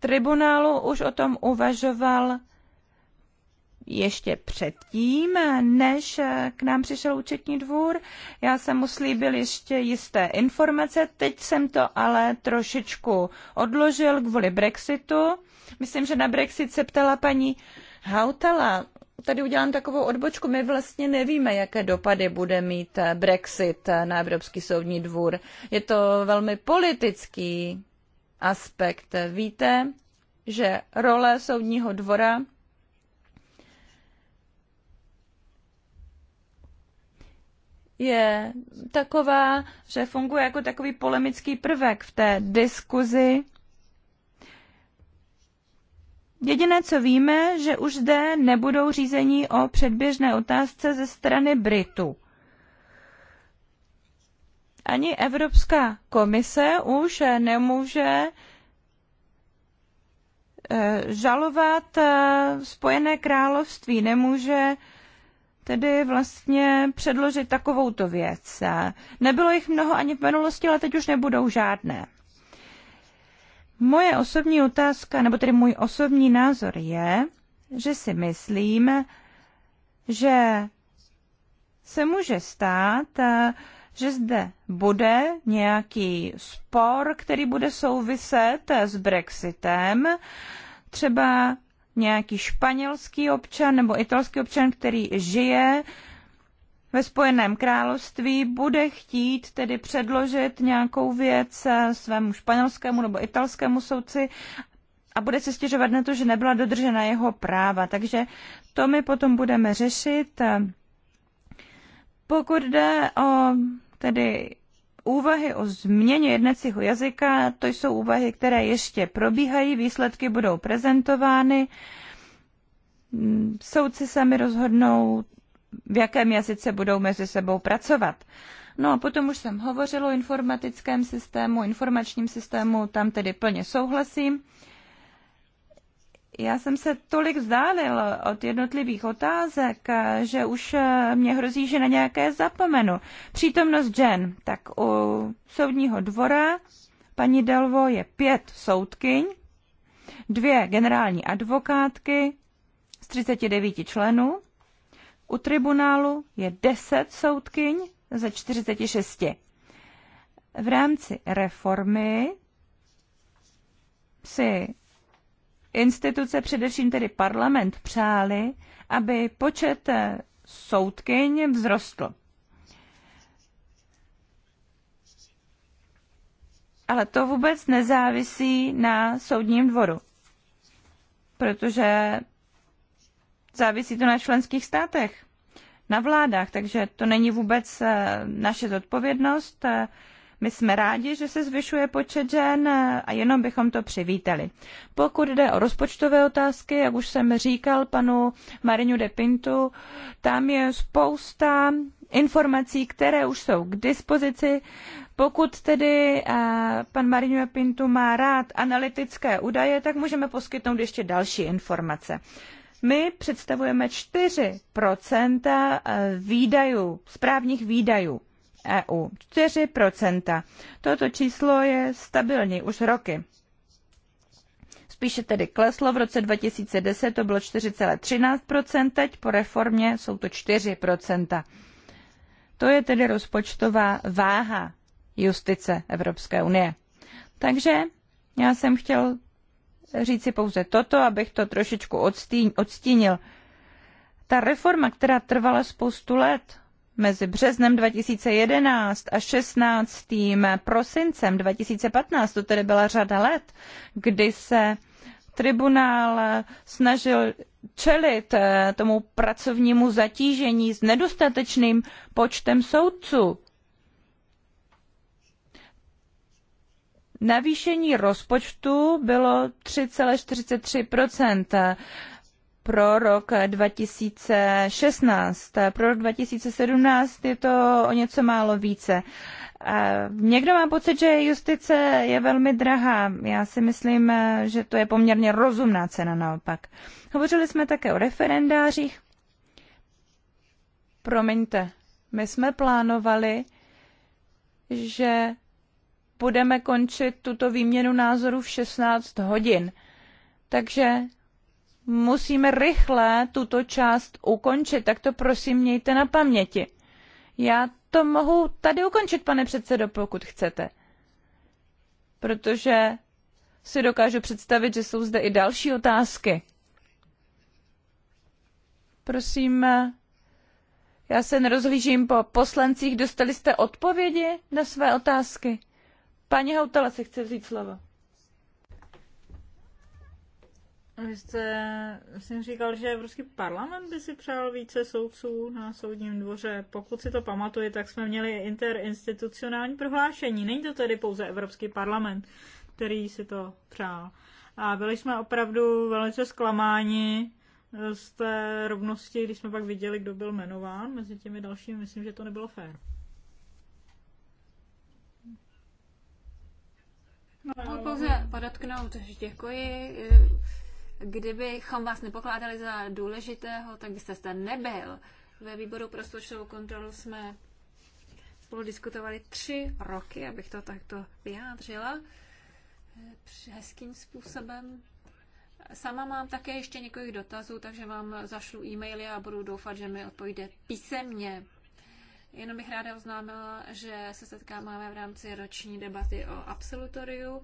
tribunálu už o tom uvažoval ještě předtím, než k nám přišel účetní dvůr. Já jsem mu slíbil ještě jisté informace, teď jsem to ale trošičku odložil kvůli Brexitu. Myslím, že na Brexit se ptala paní Hautala. Tady udělám takovou odbočku. My vlastně nevíme, jaké dopady bude mít Brexit na Evropský soudní dvůr. Je to velmi politický aspekt. Víte, že role soudního dvora je taková, že funguje jako takový polemický prvek v té diskuzi. Jediné, co víme, že už zde nebudou řízení o předběžné otázce ze strany Britů ani Evropská komise už nemůže eh, žalovat eh, Spojené království, nemůže tedy vlastně předložit takovouto věc. Nebylo jich mnoho ani v minulosti, ale teď už nebudou žádné. Moje osobní otázka, nebo tedy můj osobní názor je, že si myslím, že se může stát, eh, že zde bude nějaký spor, který bude souviset s Brexitem, třeba nějaký španělský občan nebo italský občan, který žije ve Spojeném království, bude chtít tedy předložit nějakou věc svému španělskému nebo italskému soudci a bude se stěžovat na to, že nebyla dodržena jeho práva. Takže to my potom budeme řešit. Pokud jde o Tedy úvahy o změně jednacího jazyka, to jsou úvahy, které ještě probíhají, výsledky budou prezentovány. Soudci sami rozhodnou, v jakém jazyce budou mezi sebou pracovat. No a potom už jsem hovořil o informatickém systému, informačním systému, tam tedy plně souhlasím já jsem se tolik vzdálil od jednotlivých otázek, že už eh, mě hrozí, že na nějaké zapomenu. Přítomnost Jen Tak u soudního dvora paní Delvo je pět soudkyň, dvě generální advokátky z 39 členů, u tribunálu je 10 soudkyň ze 46. V rámci reformy si instituce, především tedy parlament, přáli, aby počet eh, soudkyň vzrostl. Ale to vůbec nezávisí na soudním dvoru, protože závisí to na členských státech, na vládách, takže to není vůbec eh, naše zodpovědnost. Eh, my jsme rádi, že se zvyšuje počet žen a jenom bychom to přivítali. Pokud jde o rozpočtové otázky, jak už jsem říkal panu Marinu de Pintu, tam je spousta informací, které už jsou k dispozici. Pokud tedy eh, pan de Pintu má rád analytické údaje, tak můžeme poskytnout ještě další informace. My představujeme 4 eh, výdajů, správních výdajů EU. 4%. Toto číslo je stabilní už roky. Spíše tedy kleslo, v roce 2010 to bylo 4,13%, teď po reformě jsou to 4%. To je tedy rozpočtová váha justice Evropské unie. Takže já jsem chtěl říci pouze toto, abych to trošičku odstínil. Ta reforma, která trvala spoustu let, mezi březnem 2011 a 16. prosincem 2015, to tedy byla řada let, kdy se tribunál snažil čelit eh, tomu pracovnímu zatížení s nedostatečným počtem soudců. Navýšení rozpočtu bylo 3,43 pro rok 2016. Pro rok 2017 je to o něco málo více. Někdo má pocit, že justice je velmi drahá. Já si myslím, že to je poměrně rozumná cena naopak. Hovořili jsme také o referendářích. Promiňte, my jsme plánovali, že budeme končit tuto výměnu názorů v 16 hodin. Takže musíme rychle tuto část ukončit, tak to prosím mějte na paměti. Já to mohu tady ukončit, pane předsedo, pokud chcete. Protože si dokážu představit, že jsou zde i další otázky. Prosím, já se nerozhlížím po poslancích. Dostali jste odpovědi na své otázky? Paní Hautala si chce vzít slovo. Vy jste, jsem říkal, že Evropský parlament by si přál více soudců na soudním dvoře. Pokud si to pamatuje, tak jsme měli interinstitucionální prohlášení. Není to tedy pouze Evropský parlament, který si to přál. A byli jsme opravdu velice zklamáni z té rovnosti, když jsme pak viděli, kdo byl jmenován mezi těmi dalšími. Myslím, že to nebylo fér. No, pouze podotknout, že děkuji Kdybychom vás nepokládali za důležitého, tak byste zde nebyl. Ve výboru pro rozpočtovou kontrolu jsme spolu diskutovali tři roky, abych to takto vyjádřila eh, hezkým způsobem. Sama mám také ještě několik dotazů, takže vám zašlu e-maily a budu doufat, že mi odpovíde písemně. Jenom bych ráda oznámila, že se setkáváme v rámci roční debaty o absolutoriu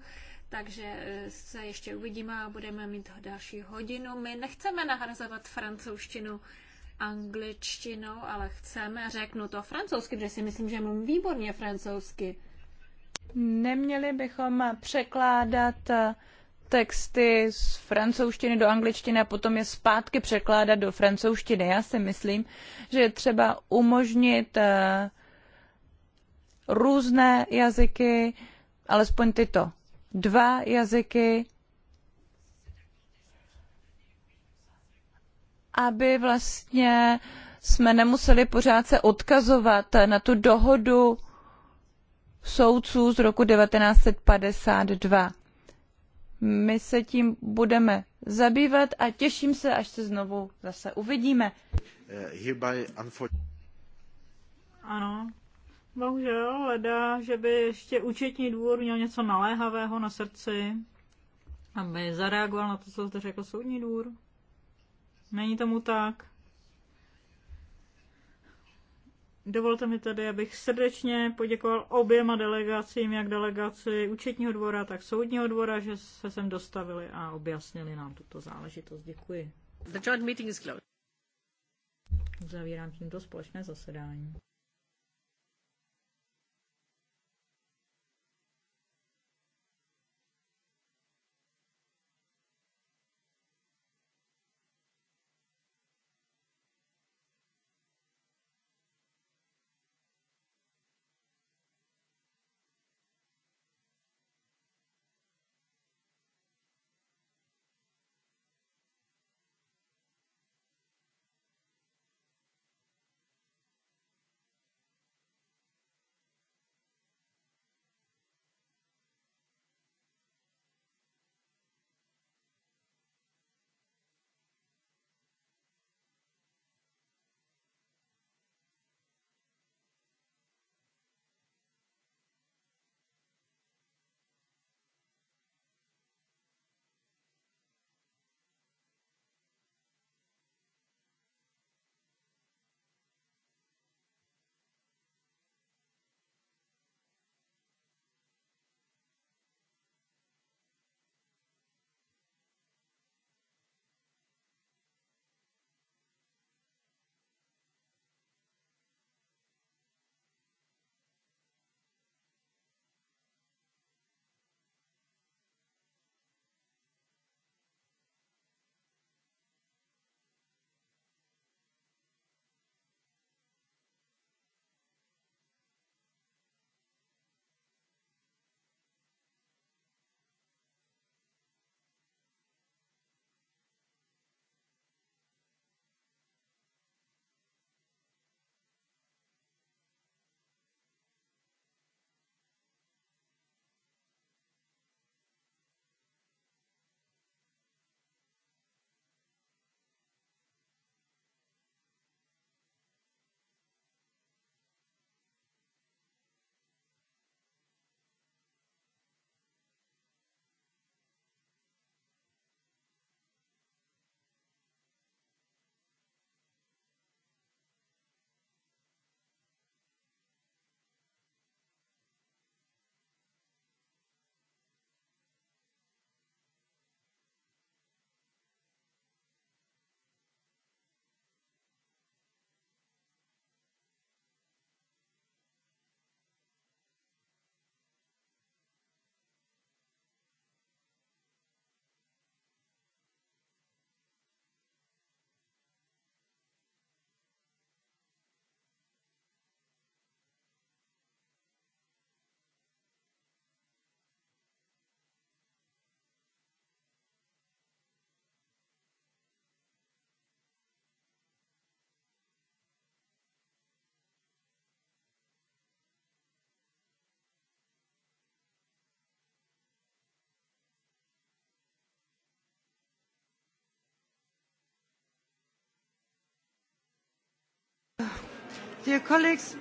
takže e, se ještě uvidíme a budeme mít další hodinu. My nechceme nahrazovat francouzštinu angličtinou, ale chceme, řeknu to francouzsky, protože si myslím, že mluvím výborně francouzsky. Neměli bychom překládat e, texty z francouzštiny do angličtiny a potom je zpátky překládat do francouzštiny. Já si myslím, že je třeba umožnit e, různé jazyky, alespoň tyto dva jazyky, aby vlastně jsme nemuseli pořád se odkazovat na tu dohodu soudců z roku 1952. My se tím budeme zabývat a těším se, až se znovu zase uvidíme. Eh, ano, Bohužel, hledá, že by ještě účetní dvůr měl něco naléhavého na srdci, aby zareagoval na to, co zde řekl soudní dvůr. Není tomu tak. Dovolte mi tedy, abych srdečně poděkoval oběma delegacím, jak delegaci účetního dvora, tak soudního dvora, že se sem dostavili a objasnili nám tuto záležitost. Děkuji. The joint meeting is closed. Zavírám tímto společné zasedání. Dear colleagues,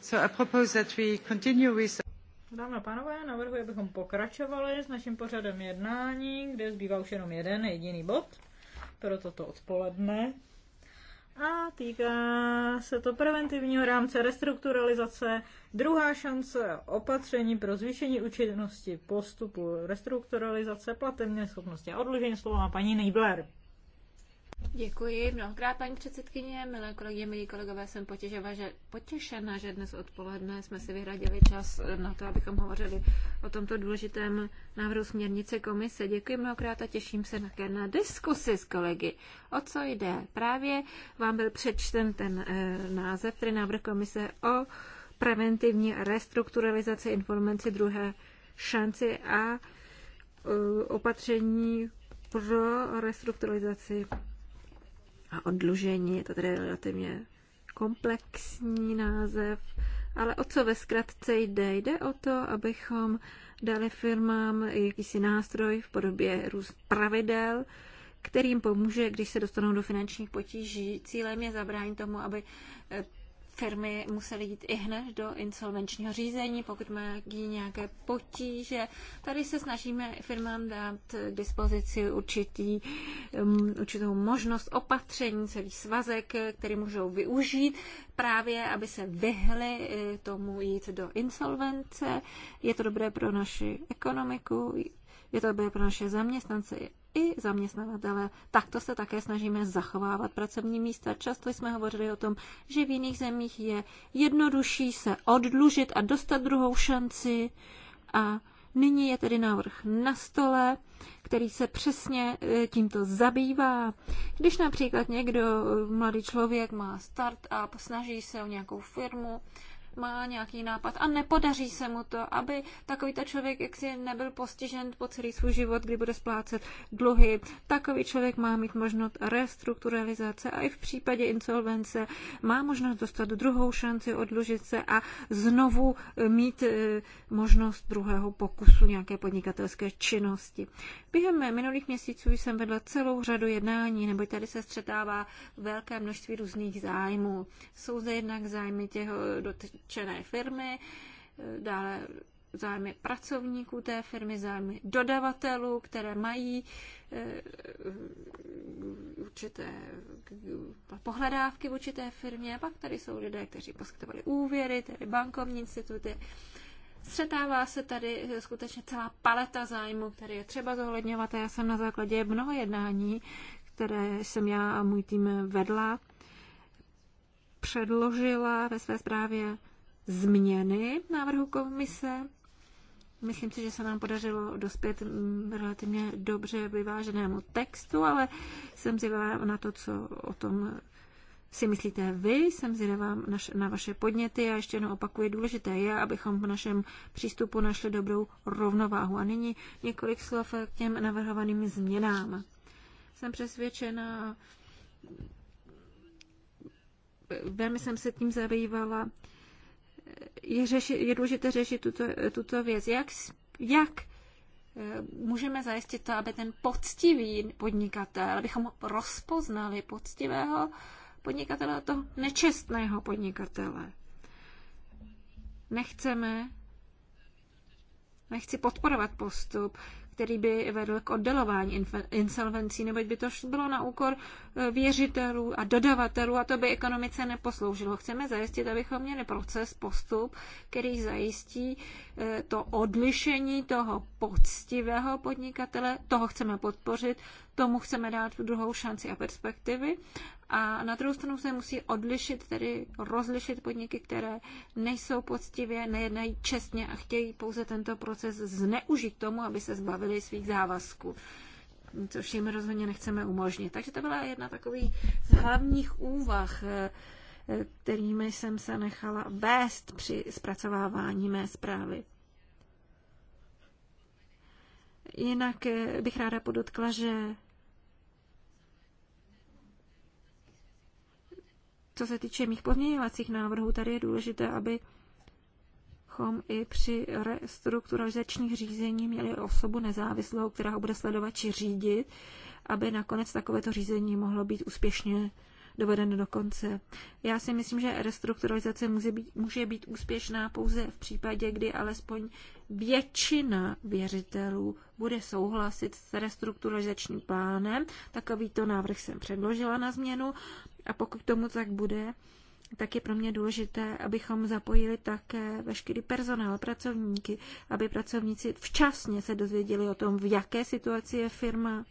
so I propose that we continue with Dámy a pánové, navrhuji, abychom pokračovali s naším pořadem jednání, kde zbývá už jenom jeden jediný bod pro toto odpoledne a týká se to preventivního rámce restrukturalizace, druhá šance opatření pro zvýšení účinnosti postupu restrukturalizace platební schopnosti a odložení slova paní Nejbler. Děkuji mnohokrát, paní předsedkyně. Milé kolegyně, milí kolegové, jsem potěžena že, potěšena, že dnes odpoledne jsme si vyhradili čas na to, abychom hovořili o tomto důležitém návrhu směrnice komise. Děkuji mnohokrát a těším se také na diskusi s kolegy. O co jde? Právě vám byl přečten ten eh, název, který návrh komise o preventivní restrukturalizaci informací druhé šanci a eh, opatření pro restrukturalizaci a oddlužení. Je to tedy relativně komplexní název, ale o co ve zkratce jde? Jde o to, abychom dali firmám jakýsi nástroj v podobě růst pravidel, kterým pomůže, když se dostanou do finančních potíží. Cílem je zabránit tomu, aby eh, firmy musely jít i hned do insolvenčního řízení, pokud mají nějaké potíže. Tady se snažíme firmám dát k dispozici určitý, um, určitou možnost opatření, celý svazek, který můžou využít právě, aby se vyhly eh, tomu jít do insolvence. Je to dobré pro naši ekonomiku, je to dobré pro naše zaměstnance, i zaměstnavatele. Takto se také snažíme zachovávat pracovní místa. Často jsme hovořili o tom, že v jiných zemích je jednodušší se oddlužit a dostat druhou šanci. A nyní je tedy návrh na stole, který se přesně e, tímto zabývá. Když například někdo, e, mladý člověk, má start a snaží se o nějakou firmu, má nějaký nápad a nepodaří se mu to, aby takový ten člověk jaksi nebyl postižen po celý svůj život, kdy bude splácet dluhy. Takový člověk má mít možnost restrukturalizace a i v případě insolvence má možnost dostat druhou šanci odlužit se a znovu eh, mít eh, možnost druhého pokusu nějaké podnikatelské činnosti. Během minulých měsíců jsem vedla celou řadu jednání, neboť tady se střetává velké množství různých zájmů. Jsou zde jednak zájmy těch eh, dotčené firmy, dále zájmy pracovníků té firmy, zájmy dodavatelů, které mají eh, určité pohledávky v určité firmě. A pak tady jsou lidé, kteří poskytovali úvěry, tedy bankovní instituty. Střetává se tady skutečně celá paleta zájmů, které je třeba zohledňovat. A já jsem na základě mnoho jednání, které jsem já a můj tým vedla, předložila ve své zprávě změny návrhu komise. Myslím si, že se nám podařilo dospět mm, relativně dobře vyváženému textu, ale jsem zvědavá na to, co o tom si myslíte vy, jsem zvědavá na vaše podněty a ještě jednou opakuji, důležité je, abychom v našem přístupu našli dobrou rovnováhu. A nyní několik slov k těm navrhovaným změnám. Jsem přesvědčena, velmi jsem se tím zabývala, je, řeši, je důležité řešit tuto, tuto věc. Jak, jak eh, můžeme zajistit to, aby ten poctivý podnikatel, abychom rozpoznali poctivého podnikatele a toho nečestného podnikatele. Nechceme, nechci podporovat postup, který by vedl k oddalování insolvencí, neboť by to bylo na úkor eh, věřitelů a dodavatelů a to by ekonomice neposloužilo. Chceme zajistit, abychom měli proces, postup, který zajistí eh, to odlišení toho poctivého podnikatele, toho chceme podpořit, tomu chceme dát druhou šanci a perspektivy a na druhou stranu se musí odlišit, tedy rozlišit podniky, které nejsou poctivě, nejednají čestně a chtějí pouze tento proces zneužít tomu, aby se zbavili svých závazků což jim rozhodně nechceme umožnit. Takže to byla jedna takových z hlavních úvah, eh, kterými jsem se nechala vést při zpracovávání mé zprávy. Jinak eh, bych ráda podotkla, že Co se týče mých pozměňovacích návrhů, tady je důležité, abychom i při restrukturalizačních řízení měli osobu nezávislou, která ho bude sledovat či řídit, aby nakonec takovéto řízení mohlo být úspěšně dovedeno do konce. Já si myslím, že restrukturalizace může být, může být úspěšná pouze v případě, kdy alespoň většina věřitelů bude souhlasit s restrukturalizačním plánem. Takovýto návrh jsem předložila na změnu. A pokud tomu tak bude, tak je pro mě důležité, abychom zapojili také veškerý personál, pracovníky, aby pracovníci včasně se dozvěděli o tom, v jaké situaci je firma,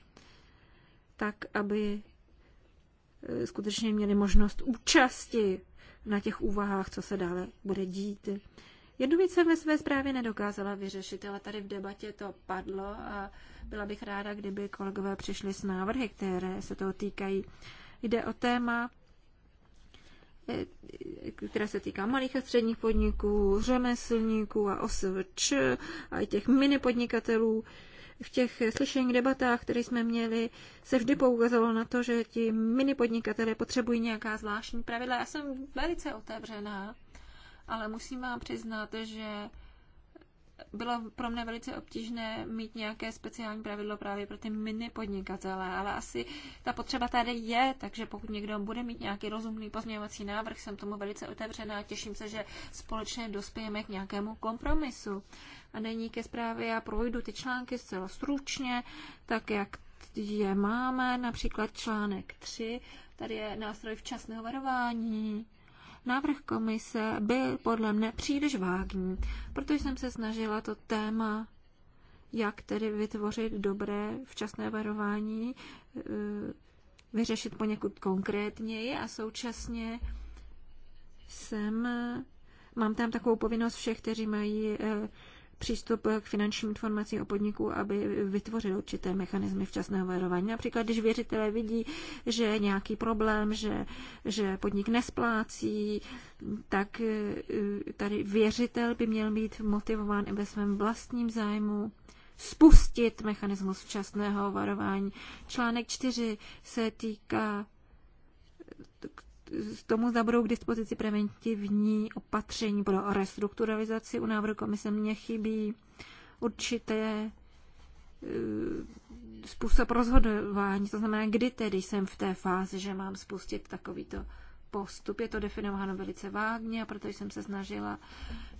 tak aby eh, skutečně měli možnost účasti na těch úvahách, co se dále bude dít. Jednu věc jsem ve své zprávě nedokázala vyřešit, ale tady v debatě to padlo a byla bych ráda, kdyby kolegové přišli s návrhy, které se toho týkají. Jde o téma, eh, která se týká malých a středních podniků, řemeslníků a OSVČ a i těch mini podnikatelů. V těch slyšených debatách, které jsme měli, se vždy poukazovalo na to, že ti mini podnikatelé potřebují nějaká zvláštní pravidla. Já jsem velice otevřená, ale musím vám přiznat, že bylo pro mě velice obtížné mít nějaké speciální pravidlo právě pro ty mini podnikatele, ale asi ta potřeba tady je, takže pokud někdo bude mít nějaký rozumný pozměňovací návrh, jsem tomu velice otevřená a těším se, že společně dospějeme k nějakému kompromisu. A není ke zprávě, já projdu ty články zcela stručně, tak jak je máme, například článek 3, tady je nástroj včasného varování, Návrh komise byl podle mne příliš vágní, protože jsem se snažila to téma jak tedy vytvořit dobré včasné varování, e, vyřešit poněkud konkrétněji a současně jsem, e, mám tam takovou povinnost všech, kteří mají e, přístup k finančním informacím o podniku, aby vytvořil určité mechanismy včasného varování. Například, když věřitelé vidí, že je nějaký problém, že, že podnik nesplácí, tak eh, tady věřitel by měl být motivován i ve svém vlastním zájmu spustit mechanismus včasného varování. Článek 4 se týká tomu zabudou k dispozici preventivní opatření pro restrukturalizaci. U návrhu komise mě chybí určité e, způsob rozhodování, to znamená, kdy tedy jsem v té fázi, že mám spustit takovýto postup. Je to definováno velice vágně a proto jsem se snažila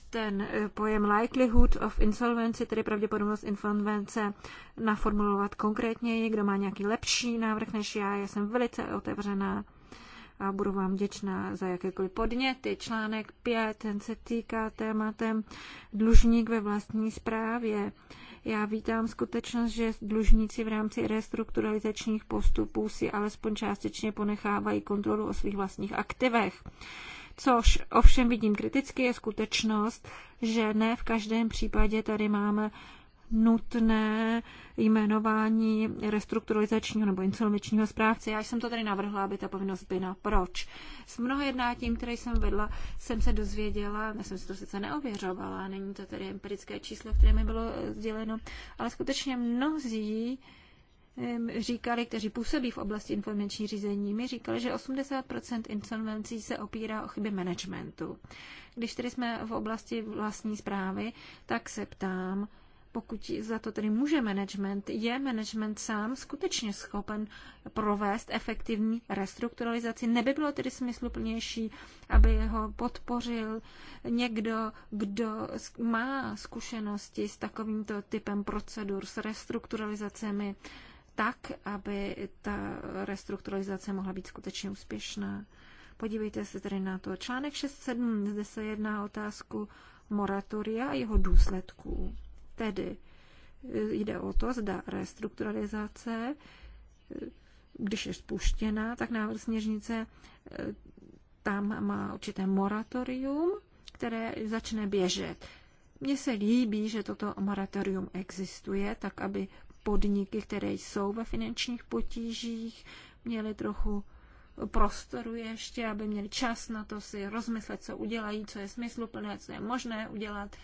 ten e, pojem likelihood of insolvency, tedy pravděpodobnost insolvence, naformulovat konkrétněji. Kdo má nějaký lepší návrh než já, já jsem velice otevřená a budu vám vděčná za jakékoliv podněty. Článek 5, ten se týká tématem dlužník ve vlastní správě. Já vítám skutečnost, že dlužníci v rámci restrukturalizačních postupů si alespoň částečně ponechávají kontrolu o svých vlastních aktivech. Což ovšem vidím kriticky je skutečnost, že ne v každém případě tady máme nutné jmenování restrukturalizačního nebo insolvenčního správce. Já jsem to tady navrhla, aby ta povinnost byla. Proč? S mnoha jednátím, které jsem vedla, jsem se dozvěděla, já jsem si to sice neověřovala, není to tady empirické číslo, které mi bylo sděleno, ale skutečně mnozí říkali, kteří působí v oblasti informační řízení, mi říkali, že 80% insolvencí se opírá o chyby managementu. Když tedy jsme v oblasti vlastní zprávy, tak se ptám, pokud za to tedy může management, je management sám skutečně schopen provést efektivní restrukturalizaci. Neby bylo tedy smysluplnější, aby ho podpořil někdo, kdo má zkušenosti s takovýmto typem procedur, s restrukturalizacemi, tak, aby ta restrukturalizace mohla být skutečně úspěšná. Podívejte se tedy na to. Článek 6.7, zde se jedná o otázku moratoria a jeho důsledků. Tedy eh, jde o to, zda restrukturalizace, eh, když je spuštěna, tak návrh sněžnice eh, tam má určité moratorium, které začne běžet. Mně se líbí, že toto moratorium existuje, tak aby podniky, které jsou ve finančních potížích, měly trochu prostoru ještě, aby měli čas na to si rozmyslet, co udělají, co je smysluplné, co je možné udělat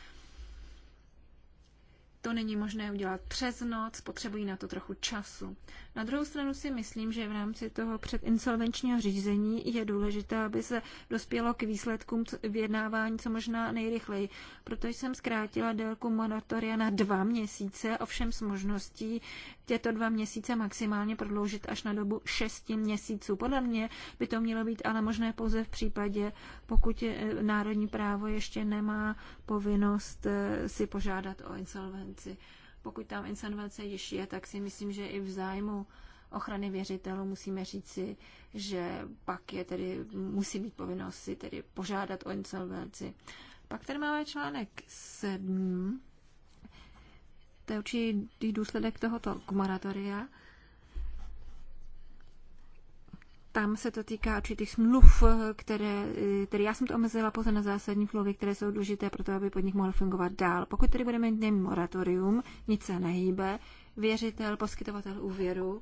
to není možné udělat přes noc, potřebují na to trochu času. Na druhou stranu si myslím, že v rámci toho předinsolvenčního řízení je důležité, aby se dospělo k výsledkům vyjednávání co možná nejrychleji. Proto jsem zkrátila délku moratoria na dva měsíce, ovšem s možností, těto dva měsíce maximálně prodloužit až na dobu šesti měsíců. Podle mě by to mělo být ale možné pouze v případě, pokud je, eh, národní právo ještě nemá povinnost eh, si požádat o insolvenci. Pokud tam insolvence již je, tak si myslím, že i v zájmu ochrany věřitelů musíme říci, že pak je tedy, musí být povinnost si tedy požádat o insolvenci. Pak tady máme článek 7, to je určitý důsledek tohoto moratoria. Tam se to týká určitých smluv, které, které já jsem to omezila pouze na zásadní smlouvy, které jsou důležité pro to, aby podnik mohl fungovat dál. Pokud tedy budeme mít moratorium, nic se nehýbe, věřitel, poskytovatel úvěru,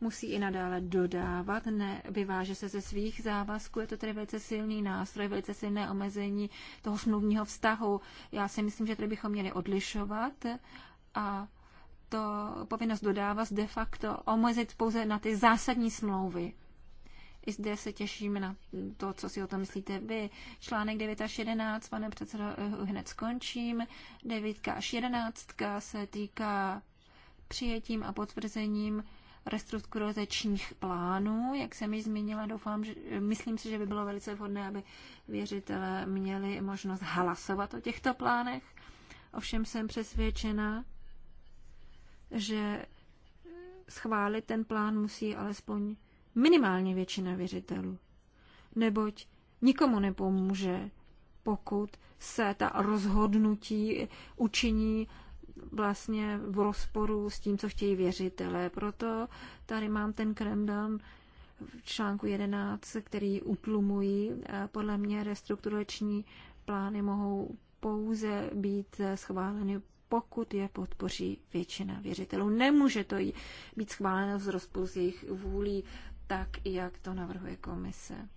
musí i nadále dodávat, ne, vyváže se ze svých závazků. Je to tedy velice silný nástroj, velice silné omezení toho smluvního vztahu. Já si myslím, že tady bychom měli odlišovat a to povinnost dodávat de facto omezit pouze na ty zásadní smlouvy. I zde se těšíme na to, co si o tom myslíte vy. Článek 9 až 11, pane předsedo, eh, hned skončím. 9 až 11 se týká přijetím a potvrzením restrukturalizačních plánů. Jak jsem již zmínila, doufám, že, myslím si, že by bylo velice vhodné, aby věřitelé měli možnost hlasovat o těchto plánech. Ovšem jsem přesvědčena, že schválit ten plán musí alespoň minimálně většina věřitelů. Neboť nikomu nepomůže, pokud se ta rozhodnutí učiní vlastně v rozporu s tím, co chtějí věřitelé. Proto tady mám ten kremdan v článku 11, který utlumují. Podle mě restrukturační plány mohou pouze být schváleny pokud je podpoří většina věřitelů. Nemůže to být schváleno z rozpůl z jejich vůlí, tak, jak to navrhuje komise.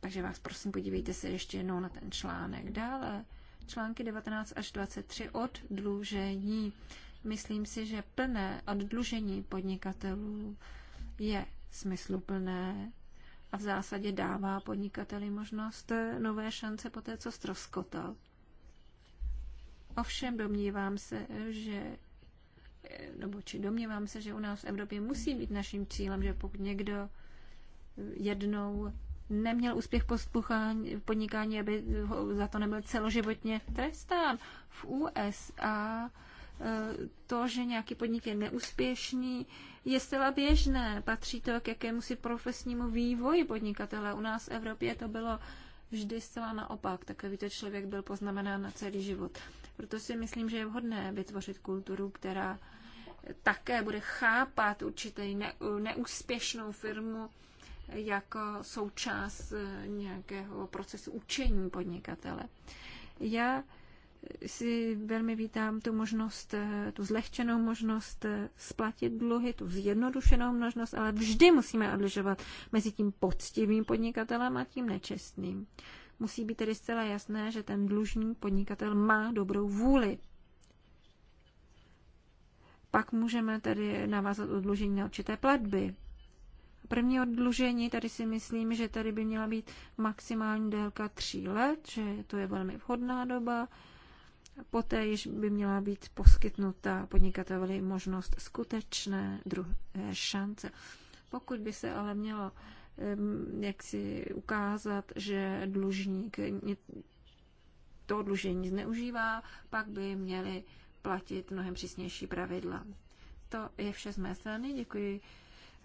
Takže vás prosím, podívejte se ještě jednou na ten článek. Dále články 19 až 23 oddlužení. Myslím si, že plné oddlužení podnikatelů je smysluplné a v zásadě dává podnikateli možnost nové šance po té, co stroskotal. Ovšem domnívám se, že nebo či domnívám se, že u nás v Evropě musí být naším cílem, že pokud někdo jednou neměl úspěch pospuchání, podnikání, aby ho za to nebyl celoživotně trestán. V USA e, to, že nějaký podnik je neúspěšný, je zcela běžné. Patří to k jakémusi profesnímu vývoji podnikatele. U nás v Evropě to bylo vždy zcela naopak. Takový to člověk byl poznamenán na celý život. Proto si myslím, že je vhodné vytvořit kulturu, která také bude chápat určitý ne, neúspěšnou firmu jako součást nějakého procesu učení podnikatele. Já si velmi vítám tu možnost, eh, tu zlehčenou možnost eh, splatit dluhy, tu zjednodušenou možnost, ale vždy musíme odlišovat mezi tím poctivým podnikatelem a tím nečestným. Musí být tedy zcela jasné, že ten dlužný podnikatel má dobrou vůli. Pak můžeme tedy navázat odlužení na určité platby. První odlužení, tady si myslím, že tady by měla být maximální délka tří let, že to je velmi vhodná doba Poté již by měla být poskytnuta podnikateli možnost skutečné druhé šance. Pokud by se ale mělo jak si ukázat, že dlužník to dlužení zneužívá, pak by měli platit mnohem přísnější pravidla. To je vše z mé strany. Děkuji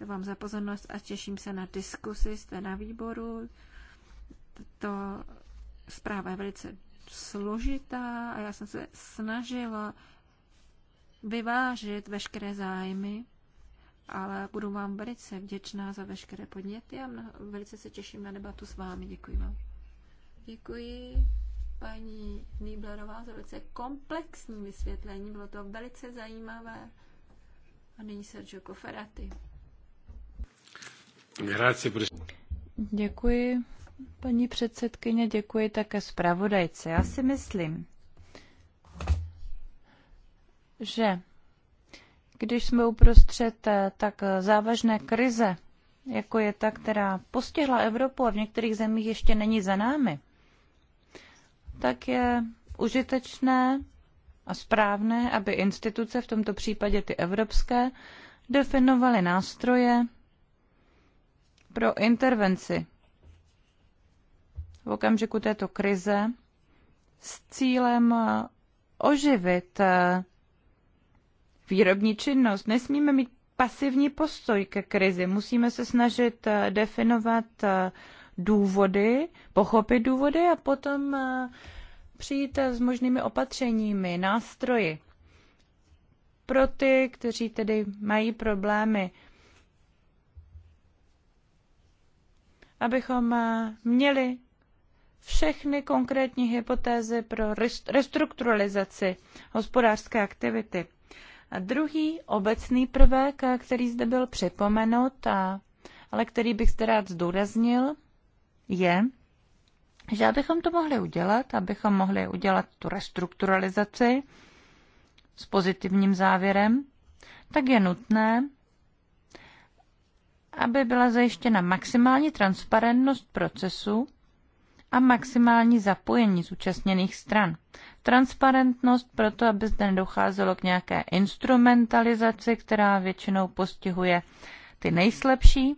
vám za pozornost a těším se na diskusi. Jste na výboru. To zpráva je velice složitá a já jsem se snažila vyvážit veškeré zájmy, ale budu vám velice vděčná za veškeré podněty a velice se těším na debatu s vámi. Děkuji vám. Děkuji paní Nýblerová za velice komplexní vysvětlení. Bylo to velice zajímavé. A nyní Sergio Koferati. Děkuji, Paní předsedkyně, děkuji také zpravodajce. Já si myslím, že když jsme uprostřed eh, tak eh, závažné krize, jako je ta, která postihla Evropu a v některých zemích ještě není za námi, tak je užitečné a správné, aby instituce, v tomto případě ty evropské, definovaly nástroje pro intervenci v okamžiku této krize s cílem oživit eh, výrobní činnost. Nesmíme mít pasivní postoj ke krizi. Musíme se snažit eh, definovat eh, důvody, pochopit důvody a potom přijít s možnými opatřeními, nástroji. Pro ty, kteří tedy mají problémy, abychom měli všechny konkrétní hypotézy pro restrukturalizaci hospodářské aktivity. A druhý obecný prvek, který zde byl připomenut, a, ale který bych zde rád zdůraznil, je, že abychom to mohli udělat, abychom mohli udělat tu restrukturalizaci s pozitivním závěrem, tak je nutné, aby byla zajištěna maximální transparentnost procesu a maximální zapojení zúčastněných stran. Transparentnost proto, aby zde nedocházelo k nějaké instrumentalizaci, která většinou postihuje ty nejslabší,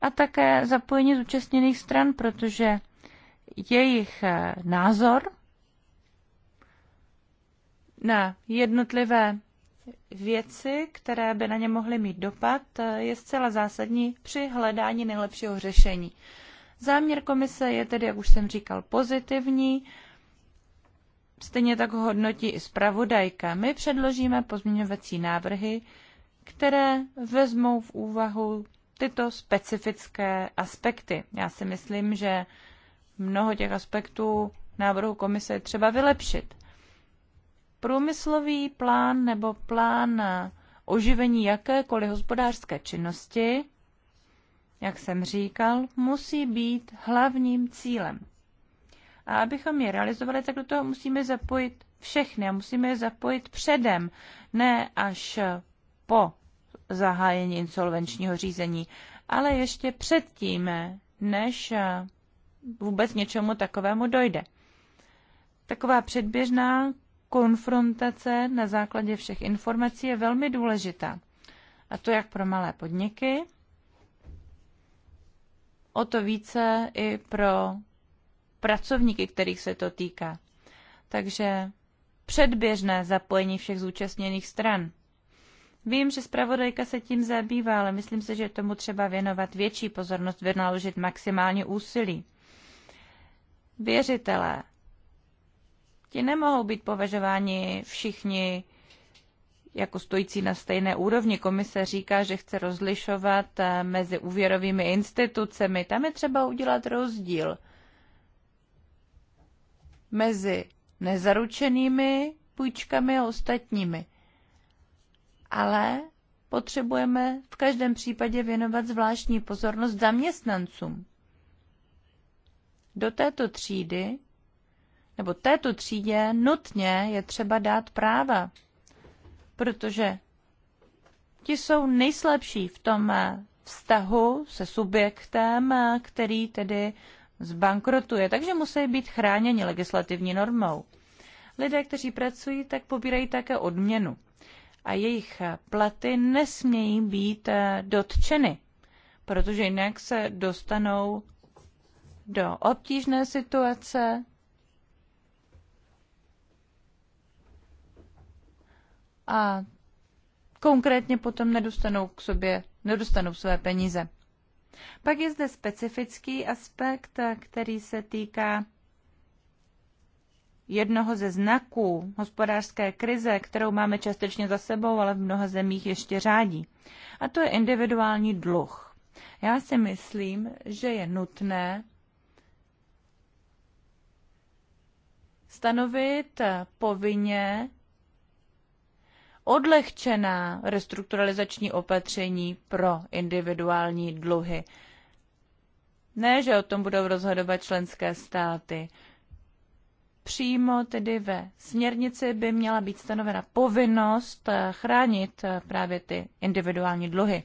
a také zapojení zúčastněných stran, protože jejich eh, názor na jednotlivé věci, které by na ně mohly mít dopad, eh, je zcela zásadní při hledání nejlepšího řešení. Záměr komise je tedy, jak už jsem říkal, pozitivní. Stejně tak ho hodnotí i zpravodajka. My předložíme pozměňovací návrhy, které vezmou v úvahu tyto specifické aspekty. Já si myslím, že mnoho těch aspektů návrhu komise je třeba vylepšit. Průmyslový plán nebo plán oživení jakékoliv hospodářské činnosti jak jsem říkal, musí být hlavním cílem. A abychom je realizovali, tak do toho musíme zapojit všechny a musíme je zapojit předem, ne až po zahájení insolvenčního řízení, ale ještě předtím, než vůbec něčemu takovému dojde. Taková předběžná konfrontace na základě všech informací je velmi důležitá. A to jak pro malé podniky, o to více i pro pracovníky, kterých se to týká. Takže předběžné zapojení všech zúčastněných stran. Vím, že zpravodajka se tím zabývá, ale myslím si, že tomu třeba věnovat větší pozornost, vynaložit maximálně úsilí. Věřitelé. Ti nemohou být považováni všichni jako stojící na stejné úrovni. Komise říká, že chce rozlišovat eh, mezi úvěrovými institucemi. Tam je třeba udělat rozdíl mezi nezaručenými půjčkami a ostatními. Ale potřebujeme v každém případě věnovat zvláštní pozornost zaměstnancům. Do této třídy, nebo této třídě nutně je třeba dát práva protože ti jsou nejslabší v tom eh, vztahu se subjektem, eh, který tedy zbankrotuje, takže musí být chráněni legislativní normou. Lidé, kteří pracují, tak pobírají také odměnu a jejich eh, platy nesmějí být dotčeny, protože jinak se dostanou do obtížné situace a konkrétně potom nedostanou k sobě, nedostanou své peníze. Pak je zde specifický aspekt, který se týká jednoho ze znaků hospodářské krize, kterou máme částečně za sebou, ale v mnoha zemích ještě řádí. A to je individuální dluh. Já si myslím, že je nutné stanovit povinně odlehčená restrukturalizační opatření pro individuální dluhy. Ne, že o tom budou rozhodovat členské státy. Přímo tedy ve směrnici by měla být stanovena povinnost eh, chránit eh, právě ty individuální dluhy.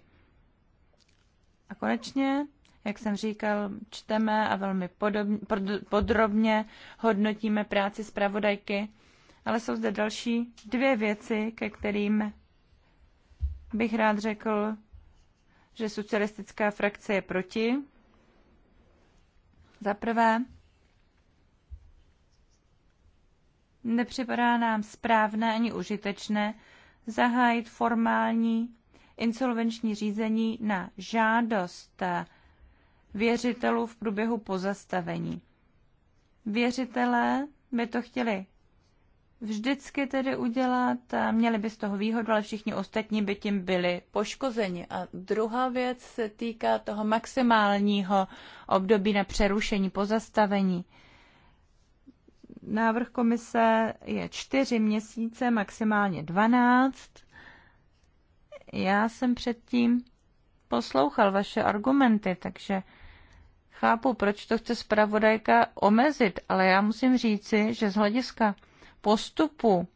A konečně, jak jsem říkal, čteme a velmi podobně, podrobně hodnotíme práci zpravodajky ale jsou zde další dvě věci, ke kterým bych rád řekl, že socialistická frakce je proti. Za prvé, nepřipadá nám správné ani užitečné zahájit formální insolvenční řízení na žádost věřitelů v průběhu pozastavení. Věřitelé by to chtěli vždycky tedy udělat, měli by z toho výhodu, ale všichni ostatní by tím byli poškozeni. A druhá věc se týká toho maximálního období na přerušení, pozastavení. Návrh komise je čtyři měsíce, maximálně dvanáct. Já jsem předtím poslouchal vaše argumenty, takže chápu, proč to chce zpravodajka omezit, ale já musím říci, že z hlediska postupů,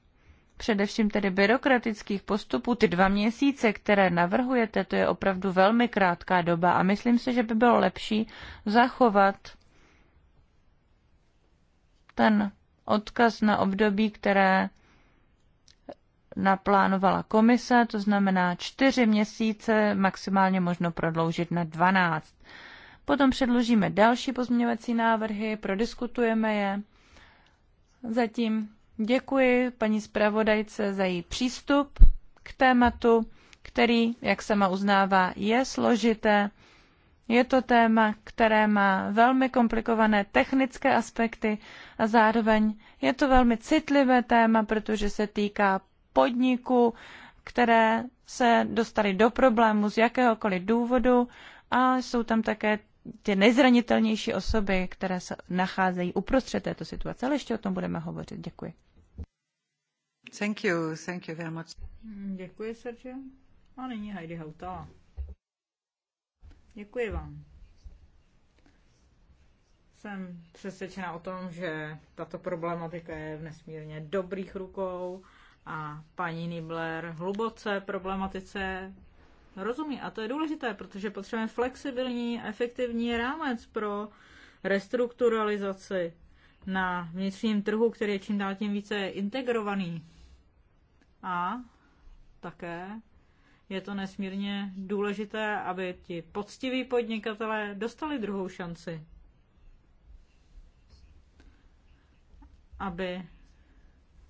především tedy byrokratických postupů, ty dva měsíce, které navrhujete, to je opravdu velmi krátká doba a myslím si, že by bylo lepší zachovat ten odkaz na období, které naplánovala komise, to znamená čtyři měsíce, maximálně možno prodloužit na dvanáct. Potom předložíme další pozměňovací návrhy, prodiskutujeme je. Zatím Děkuji paní zpravodajce za její přístup k tématu, který, jak sama uznává, je složité. Je to téma, které má velmi komplikované technické aspekty a zároveň je to velmi citlivé téma, protože se týká podniků, které se dostaly do problému z jakéhokoliv důvodu a jsou tam také ty nejzranitelnější osoby, které se nacházejí uprostřed této situace. Ale ještě o tom budeme hovořit. Děkuji. Thank you, thank you very much. Děkuji, Sergio. A nyní Heidi Hautala. Děkuji vám. Jsem přesvědčena o tom, že tato problematika je v nesmírně dobrých rukou a paní Nibler hluboce problematice rozumí. A to je důležité, protože potřebujeme flexibilní, efektivní rámec pro restrukturalizaci na vnitřním trhu, který je čím dál tím více integrovaný a také je to nesmírně důležité, aby ti poctiví podnikatelé dostali druhou šanci. Aby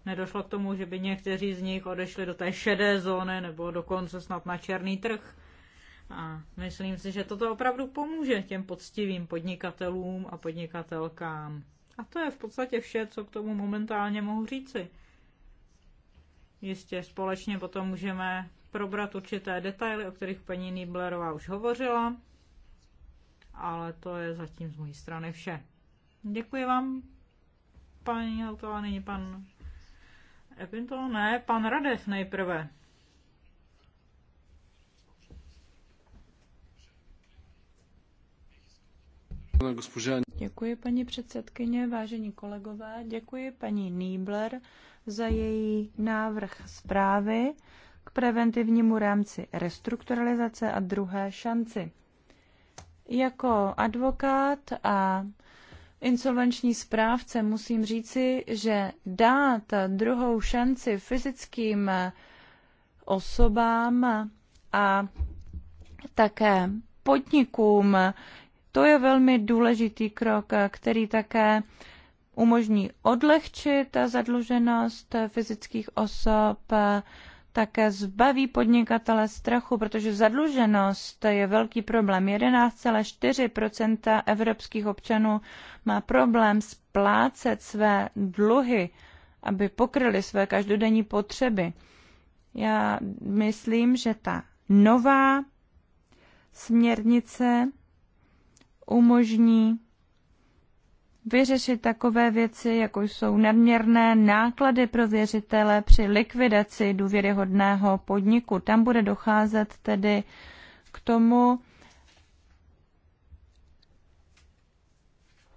nedošlo k tomu, že by někteří z nich odešli do té šedé zóny nebo dokonce snad na černý trh. A myslím si, že toto opravdu pomůže těm poctivým podnikatelům a podnikatelkám. A to je v podstatě vše, co k tomu momentálně mohu říci. Jistě společně potom můžeme probrat určité detaily, o kterých paní Nýblerová už hovořila, ale to je zatím z mojí strany vše. Děkuji vám, paní Hautová, nyní pan Epinto, ne, pan Radev nejprve. Děkuji, paní předsedkyně, vážení kolegové, děkuji paní Nýbler za její návrh zprávy k preventivnímu rámci restrukturalizace a druhé šanci. Jako advokát a insolvenční správce musím říci, že dát druhou šanci fyzickým osobám a také podnikům, to je velmi důležitý krok, který také umožní odlehčit zadluženost fyzických osob, také zbaví podnikatele strachu, protože zadluženost je velký problém. 11,4 evropských občanů má problém splácet své dluhy, aby pokryli své každodenní potřeby. Já myslím, že ta nová směrnice umožní vyřešit takové věci, jako jsou nadměrné náklady pro věřitele při likvidaci důvěryhodného podniku. Tam bude docházet tedy k tomu,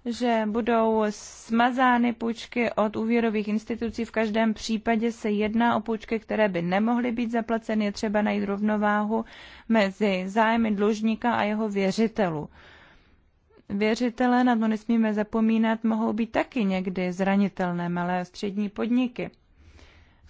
že budou smazány půjčky od úvěrových institucí. V každém případě se jedná o půjčky, které by nemohly být zaplaceny. Je třeba najít rovnováhu mezi zájmy dlužníka a jeho věřitelů. Věřitelé, na to nesmíme zapomínat, mohou být taky někdy zranitelné malé a střední podniky.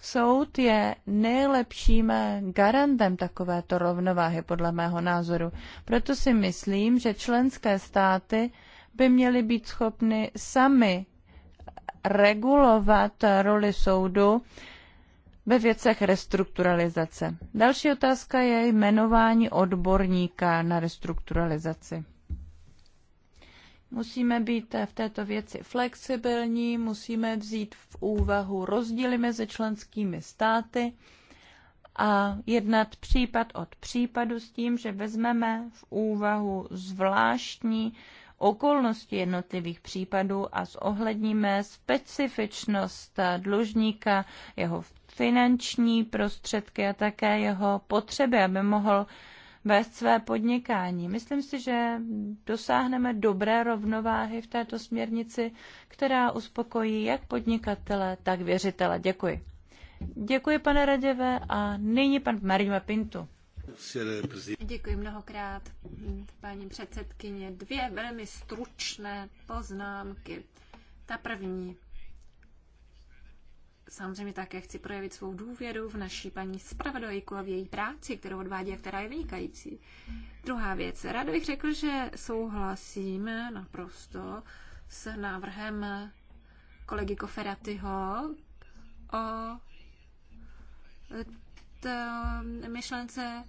Soud je nejlepším garantem takovéto rovnováhy, podle mého názoru. Proto si myslím, že členské státy by měly být schopny sami regulovat roli soudu ve věcech restrukturalizace. Další otázka je jmenování odborníka na restrukturalizaci. Musíme být v této věci flexibilní, musíme vzít v úvahu rozdíly mezi členskými státy a jednat případ od případu s tím, že vezmeme v úvahu zvláštní okolnosti jednotlivých případů a zohledníme specifičnost dlužníka, jeho finanční prostředky a také jeho potřeby, aby mohl vést své podnikání. Myslím si, že dosáhneme dobré rovnováhy v této směrnici, která uspokojí jak podnikatele, tak věřitele. Děkuji. Děkuji, pane Raděve, a nyní pan Marima Pintu. Děkuji mnohokrát, paní předsedkyně. Dvě velmi stručné poznámky. Ta první. Samozřejmě také chci projevit svou důvěru v naší paní spravodajku a v její práci, kterou odvádí a která je vynikající. Druhá věc. rád bych řekl, že souhlasím naprosto s návrhem kolegy Koferatyho o myšlence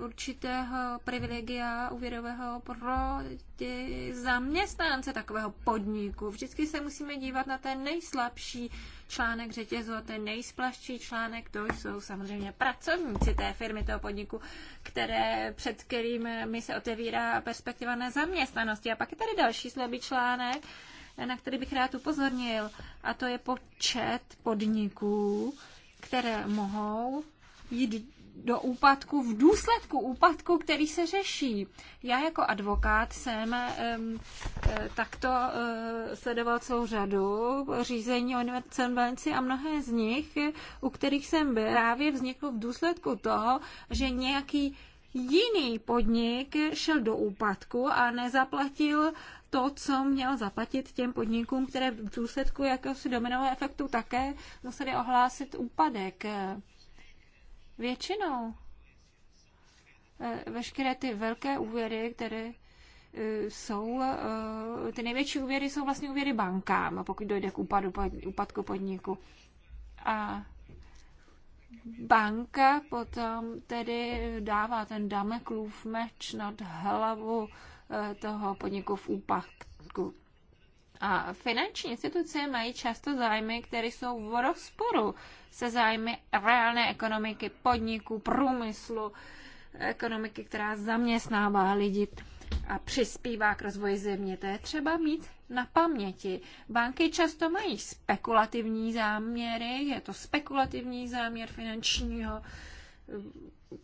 určitého privilegia úvěrového pro ty zaměstnance takového podniku. Vždycky se musíme dívat na ten nejslabší článek řetězu a ten nejsplašší článek, to jsou samozřejmě pracovníci té firmy, toho podniku, které, před kterým mi se otevírá perspektiva nezaměstnanosti. A pak je tady další slabý článek, na který bych rád upozornil, a to je počet podniků, které mohou jít do úpadku v důsledku úpadku, který se řeší. Já jako advokát jsem um, takto uh, sledoval celou řadu řízení o insolvenci a mnohé z nich, u kterých jsem byl, právě vzniklo v důsledku toho, že nějaký jiný podnik šel do úpadku a nezaplatil to, co měl zaplatit těm podnikům, které v důsledku jakéhosi dominového efektu také museli ohlásit úpadek většinou. Eh, veškeré ty velké úvěry, které eh, jsou, eh, ty největší úvěry jsou vlastně úvěry bankám, pokud dojde k úpadu, úpadku podniku. A banka potom tedy dává ten Dameklův meč nad hlavu toho podniku v úpadku a finanční instituce mají často zájmy, které jsou v rozporu se zájmy reálné ekonomiky, podniků, průmyslu, ekonomiky, která zaměstnává lidi a přispívá k rozvoji země. To je třeba mít na paměti. Banky často mají spekulativní záměry, je to spekulativní záměr finančního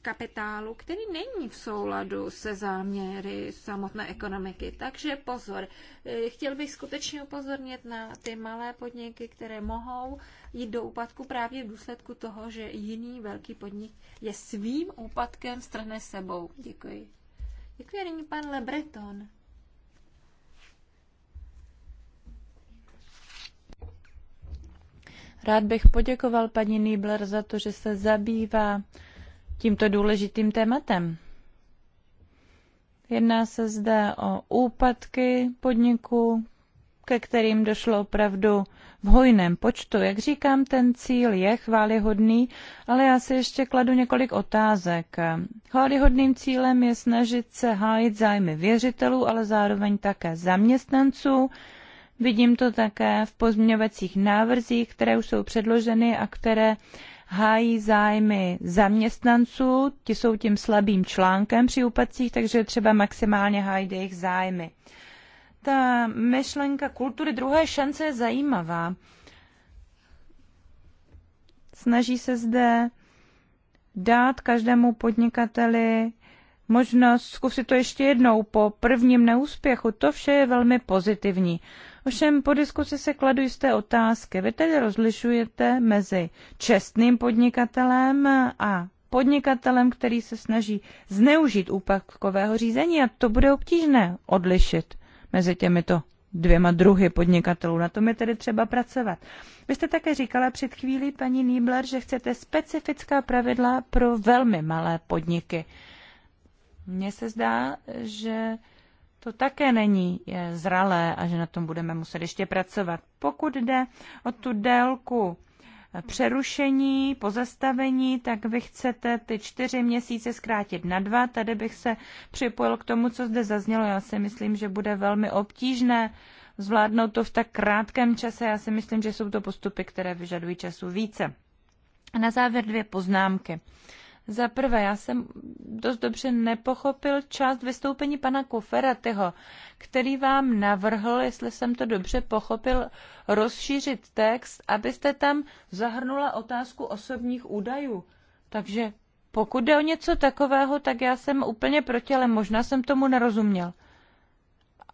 kapitálu, který není v souladu se záměry samotné ekonomiky. Takže pozor, eh, chtěl bych skutečně upozornit na ty malé podniky, které mohou jít do úpadku právě v důsledku toho, že jiný velký podnik je svým úpadkem strhne sebou. Děkuji. Děkuji, nyní pan Lebreton. Rád bych poděkoval paní Nýbler za to, že se zabývá tímto důležitým tématem. Jedná se zde o úpadky podniků, ke kterým došlo opravdu v hojném počtu. Jak říkám, ten cíl je chválihodný, ale já si ještě kladu několik otázek. Chválihodným cílem je snažit se hájit zájmy věřitelů, ale zároveň také zaměstnanců. Vidím to také v pozměňovacích návrzích, které už jsou předloženy a které hájí zájmy zaměstnanců, ti jsou tím slabým článkem při úpadcích, takže třeba maximálně hájí jejich zájmy. Ta myšlenka kultury druhé šance je zajímavá. Snaží se zde dát každému podnikateli možnost zkusit to ještě jednou po prvním neúspěchu. To vše je velmi pozitivní. Ovšem po diskusi se kladu jisté otázky. Vy tedy rozlišujete mezi čestným podnikatelem a podnikatelem, který se snaží zneužít úpadkového řízení a to bude obtížné odlišit mezi těmito dvěma druhy podnikatelů. Na tom je tedy třeba pracovat. Vy jste také říkala před chvílí, paní Niebler, že chcete specifická pravidla pro velmi malé podniky. Mně se zdá, že to také není zralé a že na tom budeme muset ještě pracovat. Pokud jde o tu délku eh, přerušení, pozastavení, tak vy chcete ty čtyři měsíce zkrátit na dva. Tady bych se připojil k tomu, co zde zaznělo. Já si myslím, že bude velmi obtížné zvládnout to v tak krátkém čase. Já si myslím, že jsou to postupy, které vyžadují času více. A na závěr dvě poznámky. Za prvé, já jsem dost dobře nepochopil část vystoupení pana Kuferatyho, který vám navrhl, jestli jsem to dobře pochopil, rozšířit text, abyste tam zahrnula otázku osobních údajů. Takže pokud jde o něco takového, tak já jsem úplně proti, ale možná jsem tomu nerozuměl.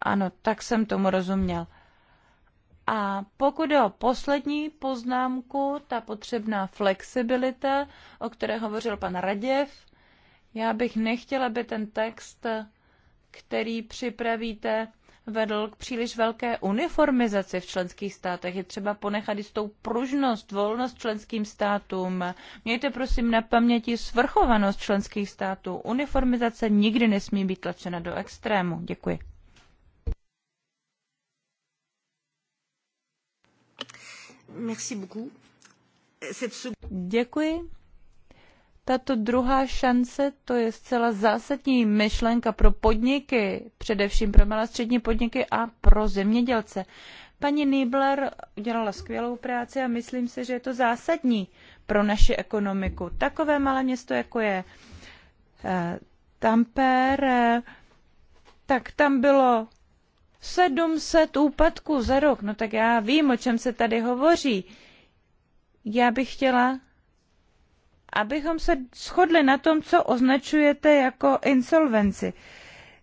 Ano, tak jsem tomu rozuměl. A pokud o poslední poznámku, ta potřebná flexibilita, o které hovořil pan Raděv, já bych nechtěla, aby ten text, který připravíte, vedl k příliš velké uniformizaci v členských státech. Je třeba ponechat jistou pružnost, volnost členským státům. Mějte prosím na paměti svrchovanost členských států. Uniformizace nikdy nesmí být tlačena do extrému. Děkuji. Děkuji. Tato druhá šance, to je zcela zásadní myšlenka pro podniky, především pro malé střední podniky a pro zemědělce. Paní Niebler udělala skvělou práci a myslím si, že je to zásadní pro naši ekonomiku. Takové malé město, jako je eh, Tampere, tak tam bylo 700 úpadků za rok, no tak já vím, o čem se tady hovoří. Já bych chtěla, abychom se shodli na tom, co označujete jako insolvenci.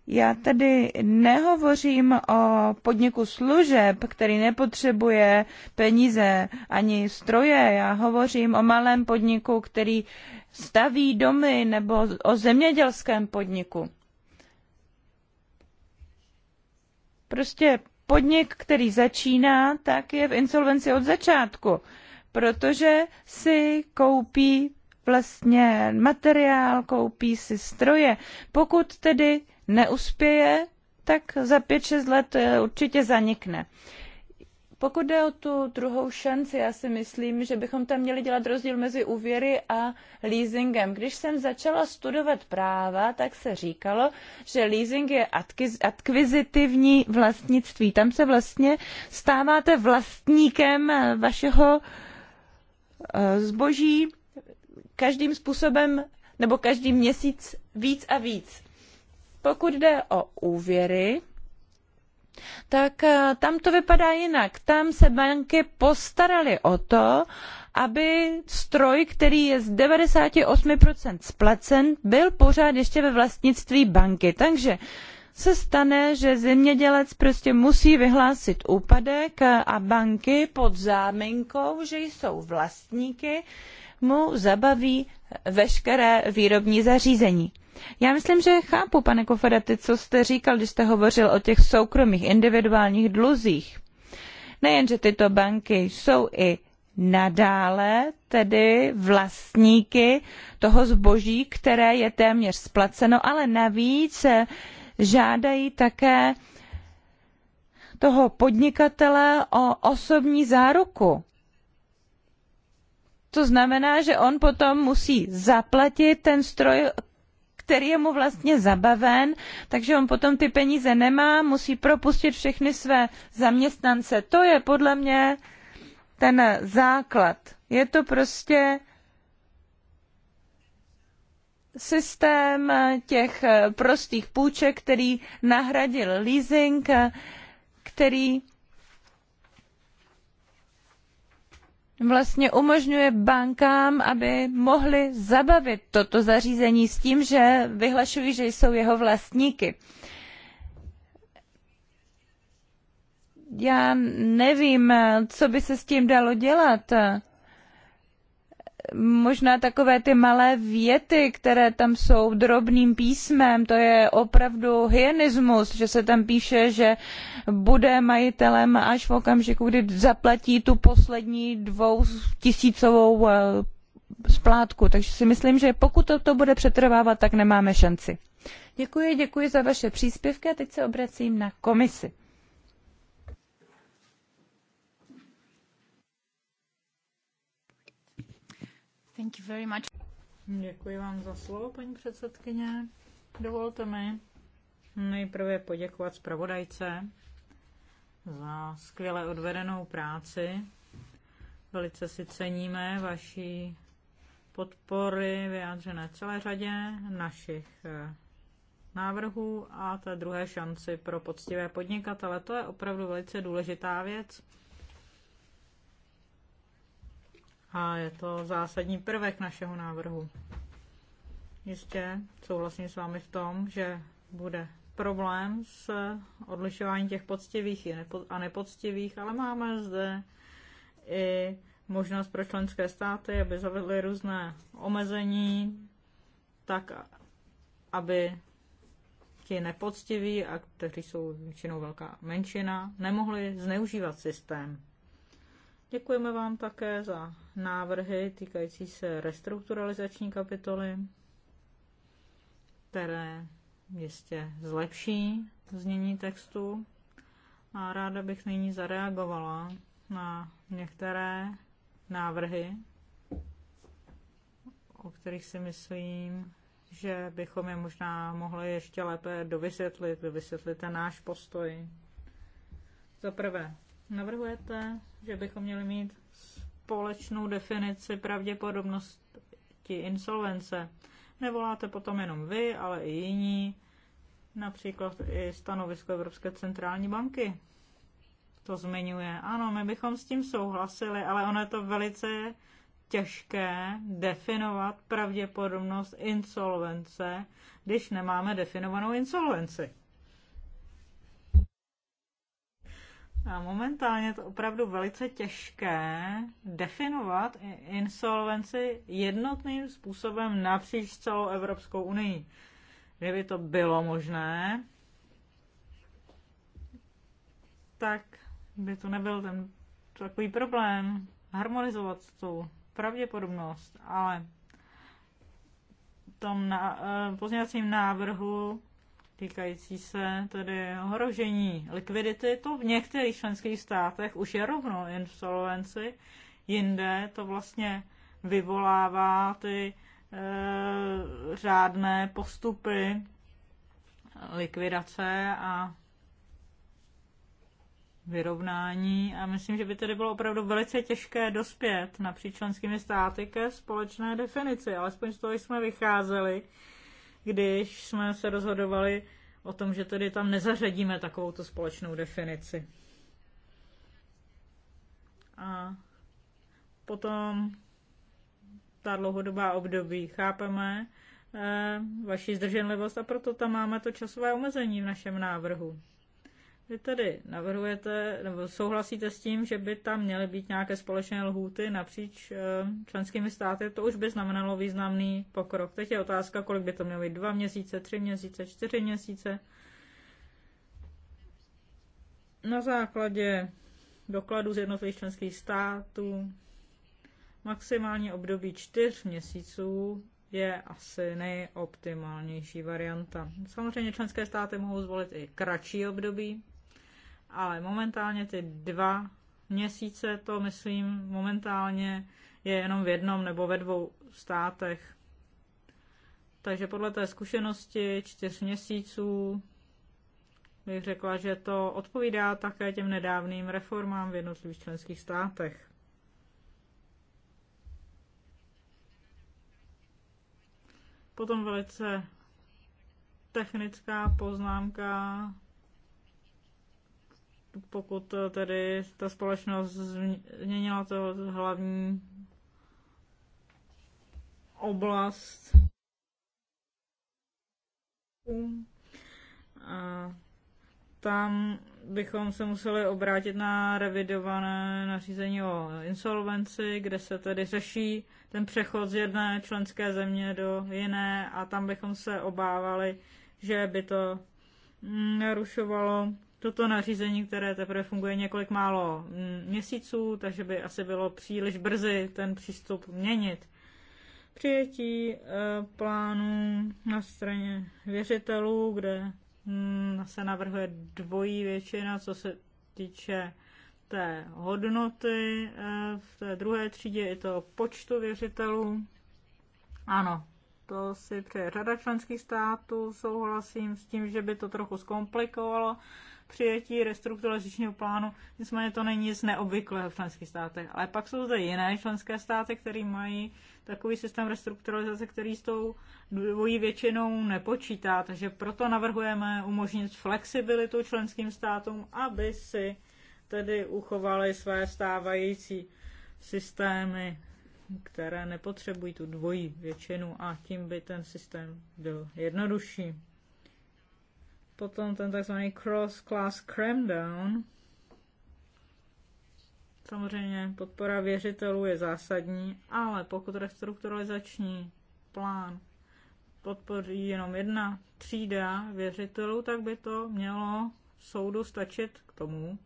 Já tedy nehovořím o podniku služeb, který nepotřebuje peníze ani stroje. Já hovořím o malém podniku, který staví domy nebo o zemědělském podniku. Prostě podnik, který začíná, tak je v insolvenci od začátku, protože si koupí vlastně materiál, koupí si stroje. Pokud tedy neuspěje, tak za 5-6 let eh, určitě zanikne. Pokud jde o tu druhou šanci, já si myslím, že bychom tam měli dělat rozdíl mezi úvěry a leasingem. Když jsem začala studovat práva, tak se říkalo, že leasing je akvizitivní vlastnictví. Tam se vlastně stáváte vlastníkem eh, vašeho eh, zboží každým způsobem nebo každý měsíc víc a víc. Pokud jde o úvěry, tak eh, tam to vypadá jinak. Tam se banky postaraly o to, aby stroj, který je z 98% splacen, byl pořád ještě ve vlastnictví banky. Takže se stane, že zemědělec prostě musí vyhlásit úpadek a banky pod záminkou, že jsou vlastníky, mu zabaví veškeré výrobní zařízení. Já myslím, že chápu, pane Koferaty, co jste říkal, když jste hovořil o těch soukromých individuálních dluzích. Nejenže tyto banky jsou i nadále tedy vlastníky toho zboží, které je téměř splaceno, ale navíc žádají také toho podnikatele o osobní záruku. To znamená, že on potom musí zaplatit ten stroj, který je mu vlastně zabaven, takže on potom ty peníze nemá, musí propustit všechny své zaměstnance. To je podle mě ten základ. Je to prostě systém těch prostých půjček, který nahradil leasing, který vlastně umožňuje bankám, aby mohly zabavit toto zařízení s tím, že vyhlašují, že jsou jeho vlastníky. Já nevím, co by se s tím dalo dělat možná takové ty malé věty, které tam jsou drobným písmem, to je opravdu hyenismus, že se tam píše, že bude majitelem až v okamžiku, kdy zaplatí tu poslední dvoutisícovou eh, splátku. Takže si myslím, že pokud to, bude přetrvávat, tak nemáme šanci. Děkuji, děkuji za vaše příspěvky a teď se obracím na komisi. Thank you very much. Děkuji vám za slovo, paní předsedkyně. Dovolte mi nejprve poděkovat zpravodajce za skvěle odvedenou práci. Velice si ceníme vaší podpory vyjádřené celé řadě našich eh, návrhů a té druhé šanci pro poctivé podnikatele. To je opravdu velice důležitá věc. a je to zásadní prvek našeho návrhu. Jistě souhlasím s vámi v tom, že bude problém s odlišováním těch poctivých a nepoctivých, ale máme zde i možnost pro členské státy, aby zavedly různé omezení, tak aby ti nepoctiví, a kteří jsou většinou velká menšina, nemohli zneužívat systém. Děkujeme vám také za návrhy týkající se restrukturalizační kapitoly, které jistě zlepší znění textu. A ráda bych nyní zareagovala na některé návrhy, o kterých si myslím, že bychom je možná mohli ještě lépe dovysvětlit, dovysvětlit ten náš postoj. Za prvé, Navrhujete, že bychom měli mít společnou definici pravděpodobnosti insolvence. Nevoláte potom jenom vy, ale i jiní, například i stanovisko Evropské centrální banky. To zmiňuje. Ano, my bychom s tím souhlasili, ale ono je to velice těžké definovat pravděpodobnost insolvence, když nemáme definovanou insolvenci. A momentálně je to opravdu velice těžké definovat insolvenci jednotným způsobem napříč celou Evropskou unii. Kdyby to bylo možné, tak by to nebyl ten takový problém harmonizovat tu pravděpodobnost, ale v tom na, eh, pozměňovacím návrhu týkající se tedy ohrožení likvidity, to v některých členských státech už je rovno insolvenci, jinde to vlastně vyvolává ty e, řádné postupy likvidace a vyrovnání a myslím, že by tedy bylo opravdu velice těžké dospět napříč členskými státy ke společné definici, alespoň z toho jsme vycházeli, když jsme se rozhodovali o tom, že tedy tam nezařadíme takovou tu společnou definici. A potom ta dlouhodobá období chápeme, eh, vaši zdrženlivost a proto tam máme to časové omezení v našem návrhu. Vy tedy navrhujete, nebo souhlasíte s tím, že by tam měly být nějaké společné lhůty napříč eh, členskými státy, to už by znamenalo významný pokrok. Teď je otázka, kolik by to mělo být, dva měsíce, tři měsíce, čtyři měsíce. Na základě dokladů z jednotlivých členských států maximální období čtyř měsíců je asi nejoptimálnější varianta. Samozřejmě členské státy mohou zvolit i kratší období, ale momentálně ty dva měsíce, to myslím momentálně je jenom v jednom nebo ve dvou státech. Takže podle té zkušenosti čtyř měsíců bych řekla, že to odpovídá také těm nedávným reformám v jednotlivých členských státech. Potom velice technická poznámka pokud eh, tedy ta společnost změnila to hlavní oblast. A tam bychom se museli obrátit na revidované nařízení o insolvenci, kde se tedy řeší ten přechod z jedné členské země do jiné a tam bychom se obávali, že by to mm, narušovalo toto nařízení, které teprve funguje několik málo mm, měsíců, takže by asi bylo příliš brzy ten přístup měnit. Přijetí e, plánu na straně věřitelů, kde mm, se navrhuje dvojí většina, co se týče té hodnoty e, v té druhé třídě i toho počtu věřitelů. Ano, to si přeje řada členských států, souhlasím s tím, že by to trochu zkomplikovalo přijetí restrukturalizačního plánu, nicméně to není nic neobvyklého v členských státech. Ale pak jsou zde jiné členské státy, které mají takový systém restrukturalizace, který s tou dvojí většinou nepočítá, takže proto navrhujeme umožnit flexibilitu členským státům, aby si tedy uchovali své stávající systémy, které nepotřebují tu dvojí většinu a tím by ten systém byl jednodušší. Potom ten tzv. cross-class cramdown. Samozřejmě podpora věřitelů je zásadní, ale pokud restrukturalizační plán podpoří jenom jedna třída věřitelů, tak by to mělo soudu stačit k tomu,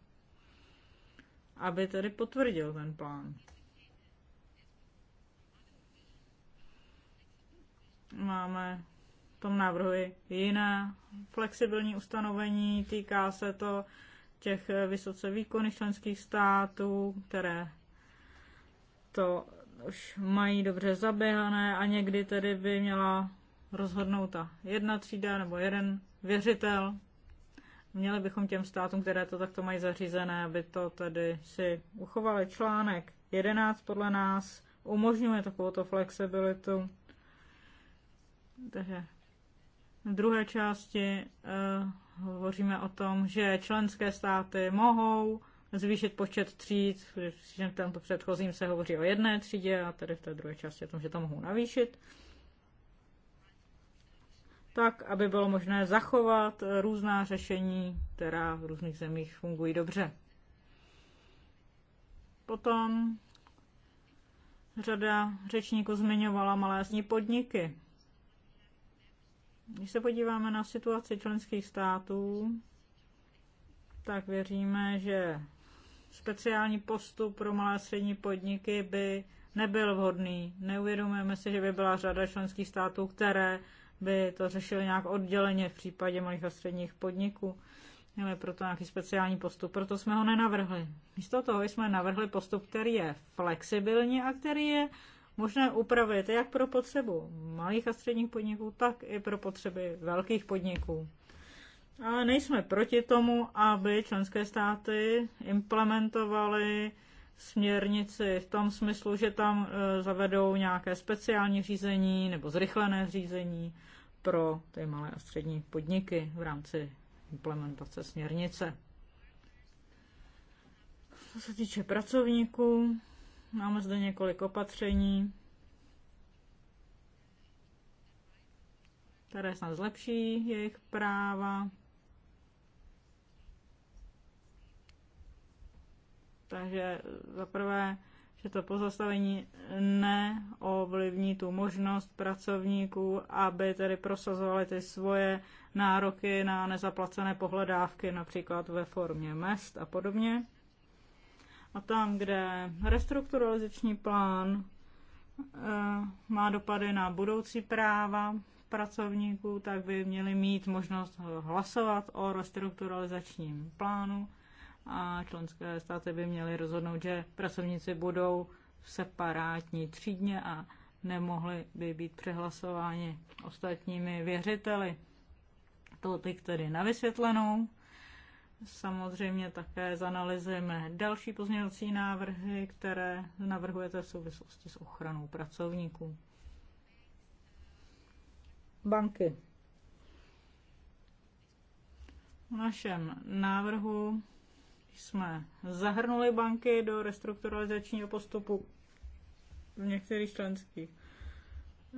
aby tedy potvrdil ten plán. Máme tom je jiné flexibilní ustanovení, týká se to těch vysoce výkonných členských států, které to už mají dobře zaběhané a někdy tedy by měla rozhodnout ta jedna třída nebo jeden věřitel. Měli bychom těm státům, které to takto mají zařízené, aby to tedy si uchovali. Článek 11 podle nás umožňuje takovouto flexibilitu. Takže v druhé části uh, hovoříme o tom, že členské státy mohou zvýšit počet tříd, že v tomto předchozím se hovoří o jedné třídě a tady v té druhé části o tom, že to mohou navýšit. Tak, aby bylo možné zachovat různá řešení, která v různých zemích fungují dobře. Potom řada řečníků zmiňovala malé podniky. Když se podíváme na situaci členských států, tak věříme, že speciální postup pro malé a střední podniky by nebyl vhodný. Neuvědomujeme si, že by byla řada členských států, které by to řešily nějak odděleně v případě malých a středních podniků. Měli proto nějaký speciální postup, proto jsme ho nenavrhli. Místo toho jsme navrhli postup, který je flexibilní a který je možné upravit jak pro potřebu malých a středních podniků, tak i pro potřeby velkých podniků. Ale nejsme proti tomu, aby členské státy implementovaly směrnici v tom smyslu, že tam e, zavedou nějaké speciální řízení nebo zrychlené řízení pro ty malé a střední podniky v rámci implementace směrnice. Co se týče pracovníků, Máme zde několik opatření, které snad zlepší jejich práva. Takže za prvé, že to pozastavení neovlivní tu možnost pracovníků, aby tedy prosazovali ty svoje nároky na nezaplacené pohledávky, například ve formě mest a podobně. A tam, kde restrukturalizační plán eh, má dopady na budoucí práva pracovníků, tak by měli mít možnost hlasovat o restrukturalizačním plánu a členské státy by měly rozhodnout, že pracovníci budou v separátní třídně a nemohli by být přehlasováni ostatními věřiteli. To teď tedy na vysvětlenou samozřejmě také zanalizujeme další pozměňovací návrhy, které navrhujete v souvislosti s ochranou pracovníků. Banky. V našem návrhu jsme zahrnuli banky do restrukturalizačního postupu v některých členských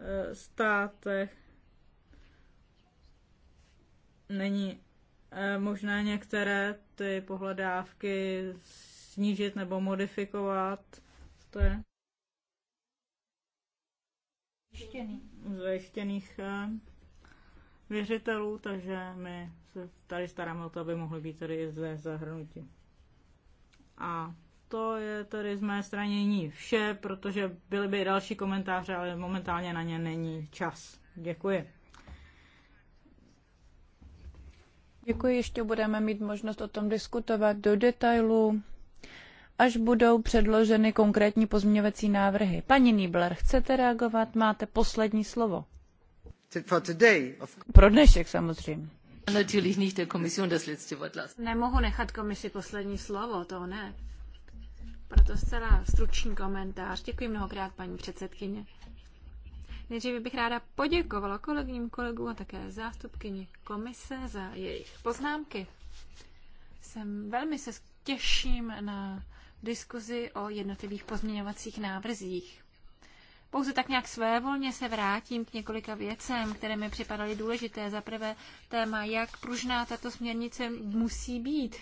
eh, státech. Není Eh, možné některé ty pohledávky snížit nebo modifikovat. To je zajištěný. zajištěných eh, věřitelů, takže my se tady staráme o to, aby mohly být tady i zde zahrnutí. A to je tedy z mé stranění vše, protože byly by i další komentáře, ale momentálně na ně není čas. Děkuji. Děkuji, ještě budeme mít možnost o tom diskutovat do detailu, až budou předloženy konkrétní pozměňovací návrhy. Paní Niebler, chcete reagovat? Máte poslední slovo. Pro dnešek samozřejmě. Nemohu nechat komisi poslední slovo, to ne. Proto zcela stručný komentář. Děkuji mnohokrát, paní předsedkyně. Nejdříve bych ráda poděkovala kolegyním kolegům a také zástupkyni komise za jejich poznámky. Jsem velmi se těším na diskuzi o jednotlivých pozměňovacích návrzích. Pouze tak nějak svévolně se vrátím k několika věcem, které mi připadaly důležité. Za prvé téma, jak pružná tato směrnice musí být.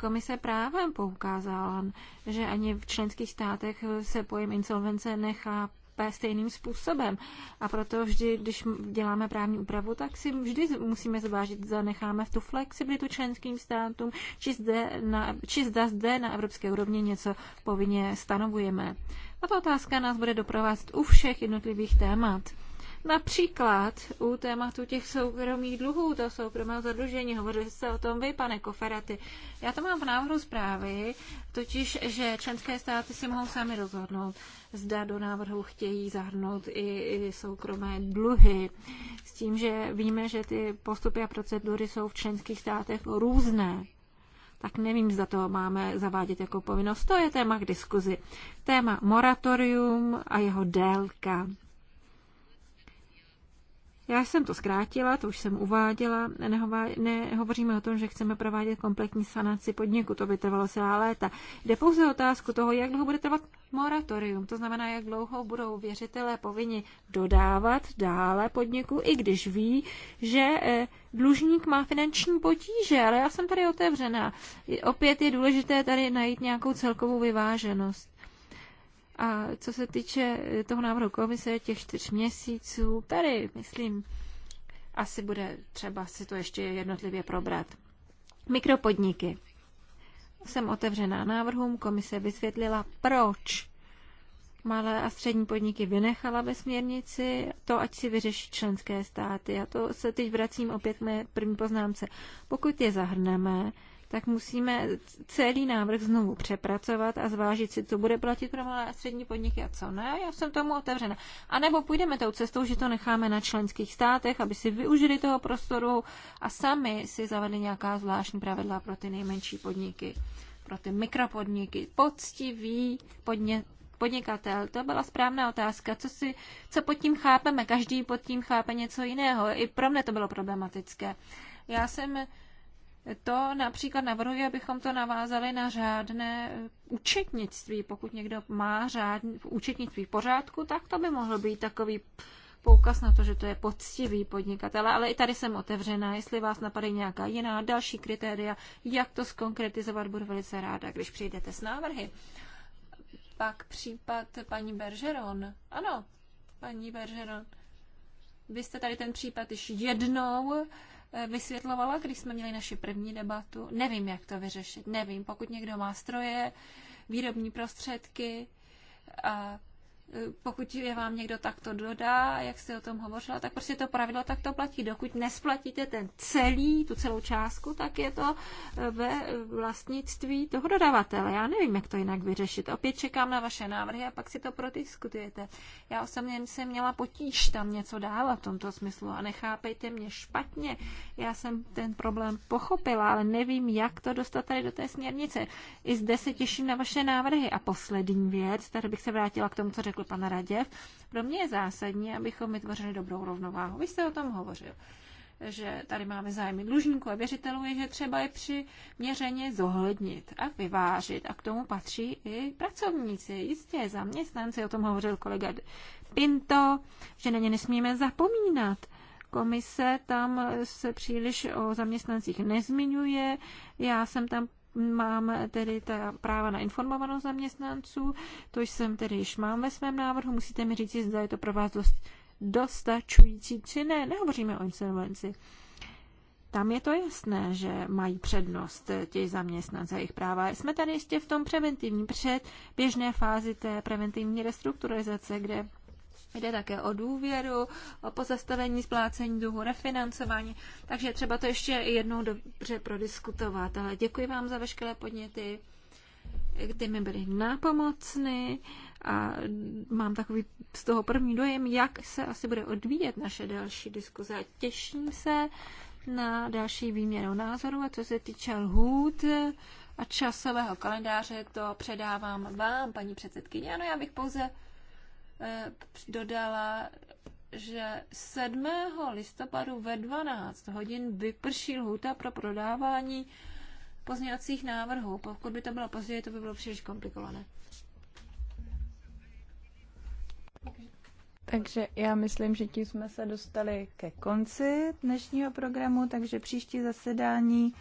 Komise právem poukázala, že ani v členských státech se pojem insolvence nechápe úplně stejným způsobem. A proto vždy, když děláme právní úpravu, tak si vždy musíme zvážit, zda necháme tu flexibilitu členským státům, či, zde na, či zda zde na evropské úrovni něco povinně stanovujeme. A ta otázka nás bude doprovázet u všech jednotlivých témat. Například u tématu těch soukromých dluhů, to soukromého zadlužení, hovořili jste o tom vy, pane Koferaty. Já to mám v návrhu zprávy, totiž, že členské státy si mohou sami rozhodnout, zda do návrhu chtějí zahrnout i, i soukromé dluhy. S tím, že víme, že ty postupy a procedury jsou v členských státech různé tak nevím, zda to máme zavádět jako povinnost. To je téma k diskuzi. Téma moratorium a jeho délka. Já jsem to zkrátila, to už jsem uváděla. Nehovoříme o tom, že chceme provádět kompletní sanaci podniku, to by trvalo celá léta. Jde pouze o otázku toho, jak dlouho bude trvat moratorium, to znamená, jak dlouho budou věřitelé povinni dodávat dále podniku, i když ví, že eh, dlužník má finanční potíže, ale já jsem tady otevřená. Opět je důležité tady najít nějakou celkovou vyváženost. A co se týče toho návrhu komise, těch čtyř měsíců, tady, myslím, asi bude třeba si to ještě jednotlivě probrat. Mikropodniky. Jsem otevřená návrhům, komise vysvětlila, proč malé a střední podniky vynechala ve směrnici, to ať si vyřeší členské státy. A to se teď vracím opět k mé první poznámce. Pokud je zahrneme, tak musíme celý návrh znovu přepracovat a zvážit si, co bude platit pro malé a střední podniky a co ne. Já jsem tomu otevřena. A nebo půjdeme tou cestou, že to necháme na členských státech, aby si využili toho prostoru a sami si zavedli nějaká zvláštní pravidla pro ty nejmenší podniky, pro ty mikropodniky. Poctivý podně, podnikatel? To byla správná otázka. Co, si, co pod tím chápeme? Každý pod tím chápe něco jiného. I pro mě to bylo problematické. Já jsem to například navrhuji, abychom to navázali na řádné účetnictví. Pokud někdo má řádný, účetnictví v pořádku, tak to by mohlo být takový poukaz na to, že to je poctivý podnikatel. Ale i tady jsem otevřená. Jestli vás napadne nějaká jiná další kritéria, jak to skonkretizovat, budu velice ráda, když přijdete s návrhy. Pak případ paní Bergeron. Ano, paní Bergeron. Vy jste tady ten případ již jednou vysvětlovala, když jsme měli naši první debatu. Nevím, jak to vyřešit. Nevím, pokud někdo má stroje, výrobní prostředky a pokud je vám někdo takto dodá, jak jste o tom hovořila, tak prostě to pravidlo takto platí. Dokud nesplatíte ten celý, tu celou částku, tak je to eh, ve vlastnictví toho dodavatele. Já nevím, jak to jinak vyřešit. Opět čekám na vaše návrhy a pak si to prodiskutujete. Já osobně jsem měla potíž tam něco dávat v tomto smyslu a nechápejte mě špatně. Já jsem ten problém pochopila, ale nevím, jak to dostat tady do té směrnice. I zde se těším na vaše návrhy. A poslední věc, tady bych se vrátila k tomu, co řekl řekl pan Raděv, pro mě je zásadní, abychom vytvořili dobrou rovnováhu. Vy jste o tom hovořil že tady máme zájmy dlužníků a věřitelů, je, že třeba je přiměřeně zohlednit a vyvážit. A k tomu patří i pracovníci, jistě zaměstnanci, o tom hovořil kolega Pinto, že na ně nesmíme zapomínat. Komise tam se příliš o zaměstnancích nezmiňuje. Já jsem tam Máme tedy ta práva na informovanost zaměstnanců, to jsem tedy již mám ve svém návrhu, musíte mi říct, zda je to pro vás dost, dostačující či ne. Nehovoříme o insolvenci. Tam je to jasné, že mají přednost eh, těch zaměstnanců a jejich práva. Jsme tady ještě v tom preventivní, před běžné fázi té preventivní restrukturalizace, kde Jde také o důvěru, o pozastavení splácení dluhu, refinancování, takže třeba to ještě jednou dobře prodiskutovat. Ale děkuji vám za veškeré podněty, ty mi byly nápomocny a mám takový z toho první dojem, jak se asi bude odvíjet naše další diskuze. A těším se na další výměnu názoru a co se týče lhůt a časového kalendáře, to předávám vám, paní předsedkyně. Ano, já bych pouze Eh, dodala, že 7. listopadu ve 12 hodin vyprší lhůta pro prodávání pozměňovacích návrhů. Pokud by to bylo později, to by bylo příliš komplikované. Takže já myslím, že tím jsme se dostali ke konci dnešního programu, takže příští zasedání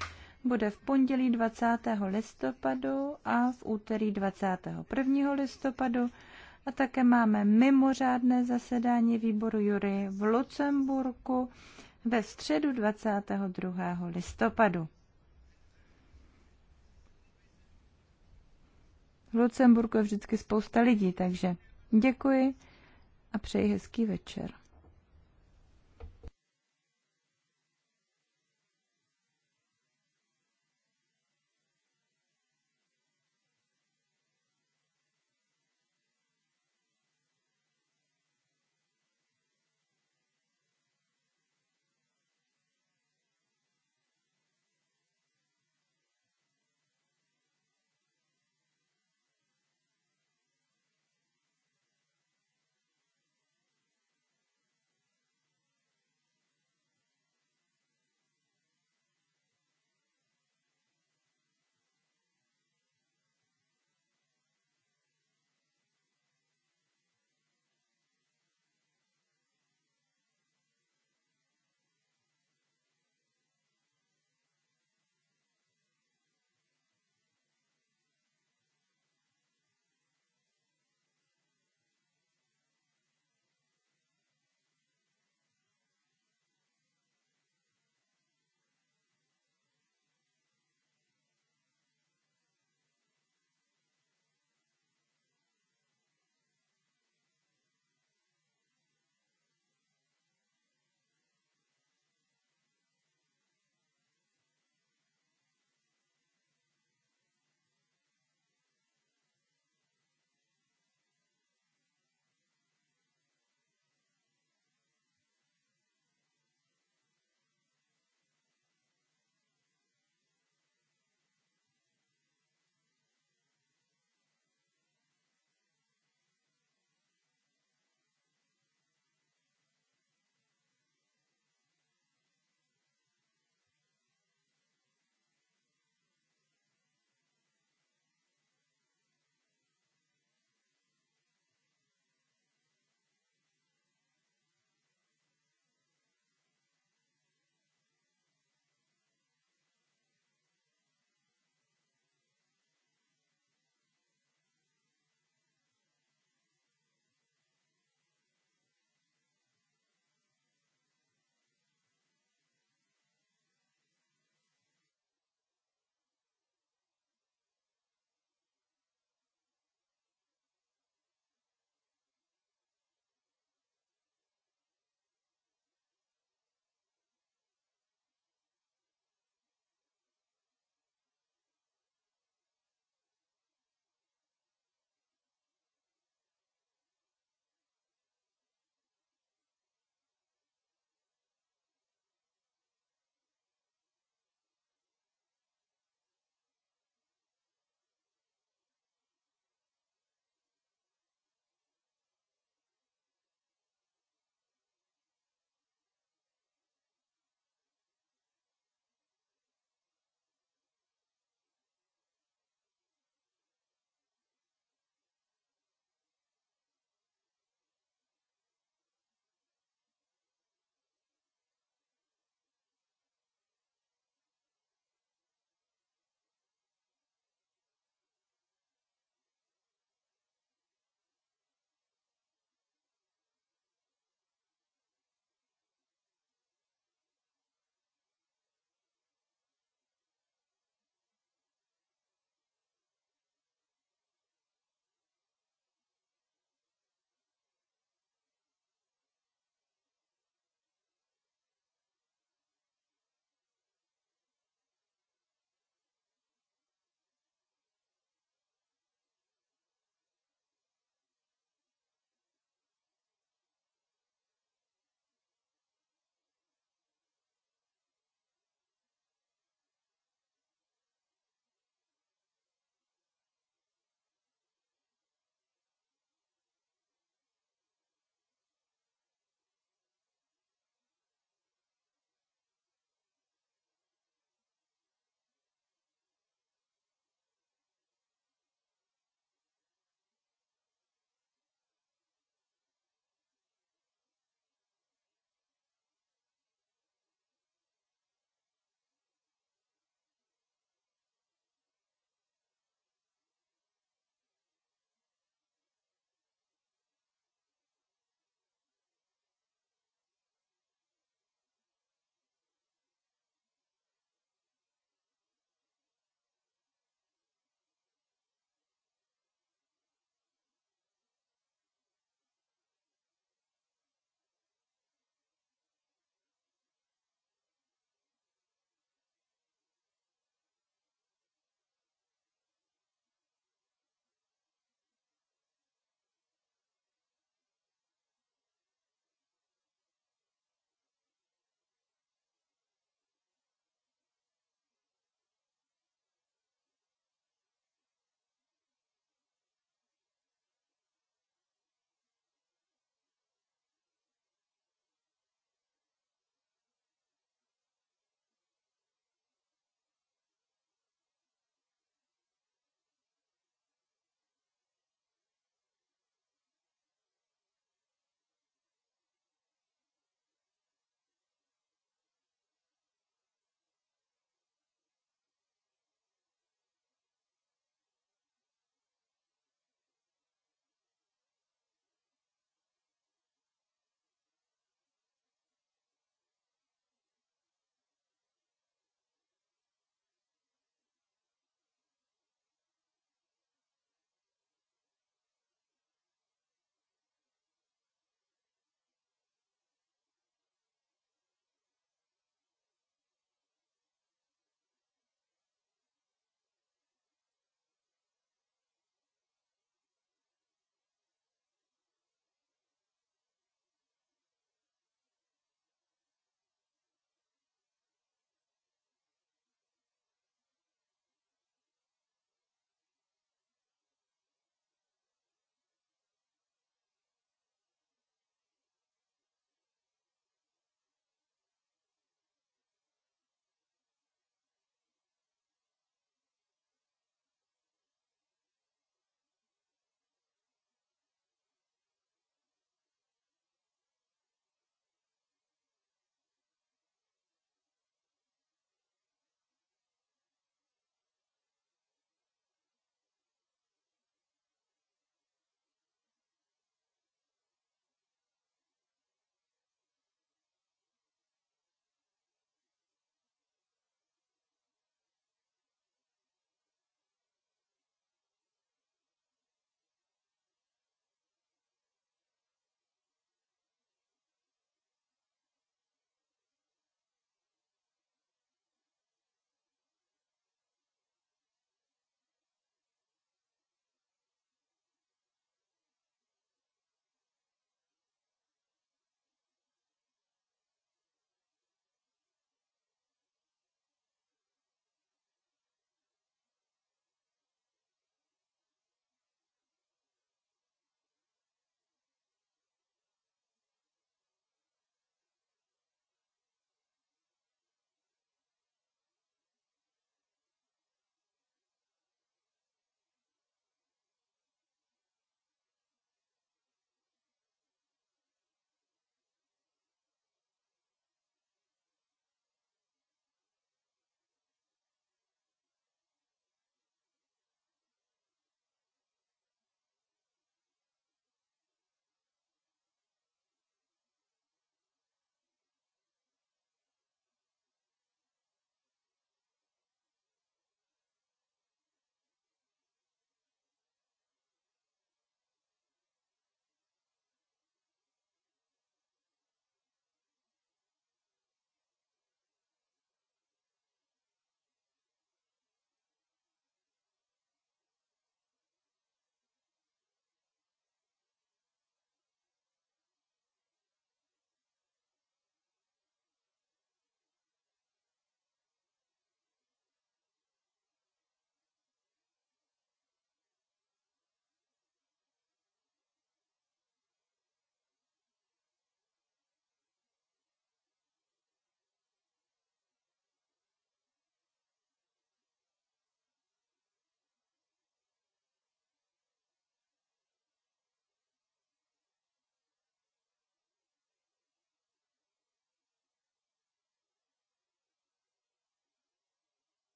bude v pondělí 20. listopadu a v úterý 21. listopadu. A také máme mimořádné zasedání výboru Jury v Lucemburku ve středu 22. listopadu. V Lucemburku je vždycky spousta lidí, takže děkuji a přeji hezký večer.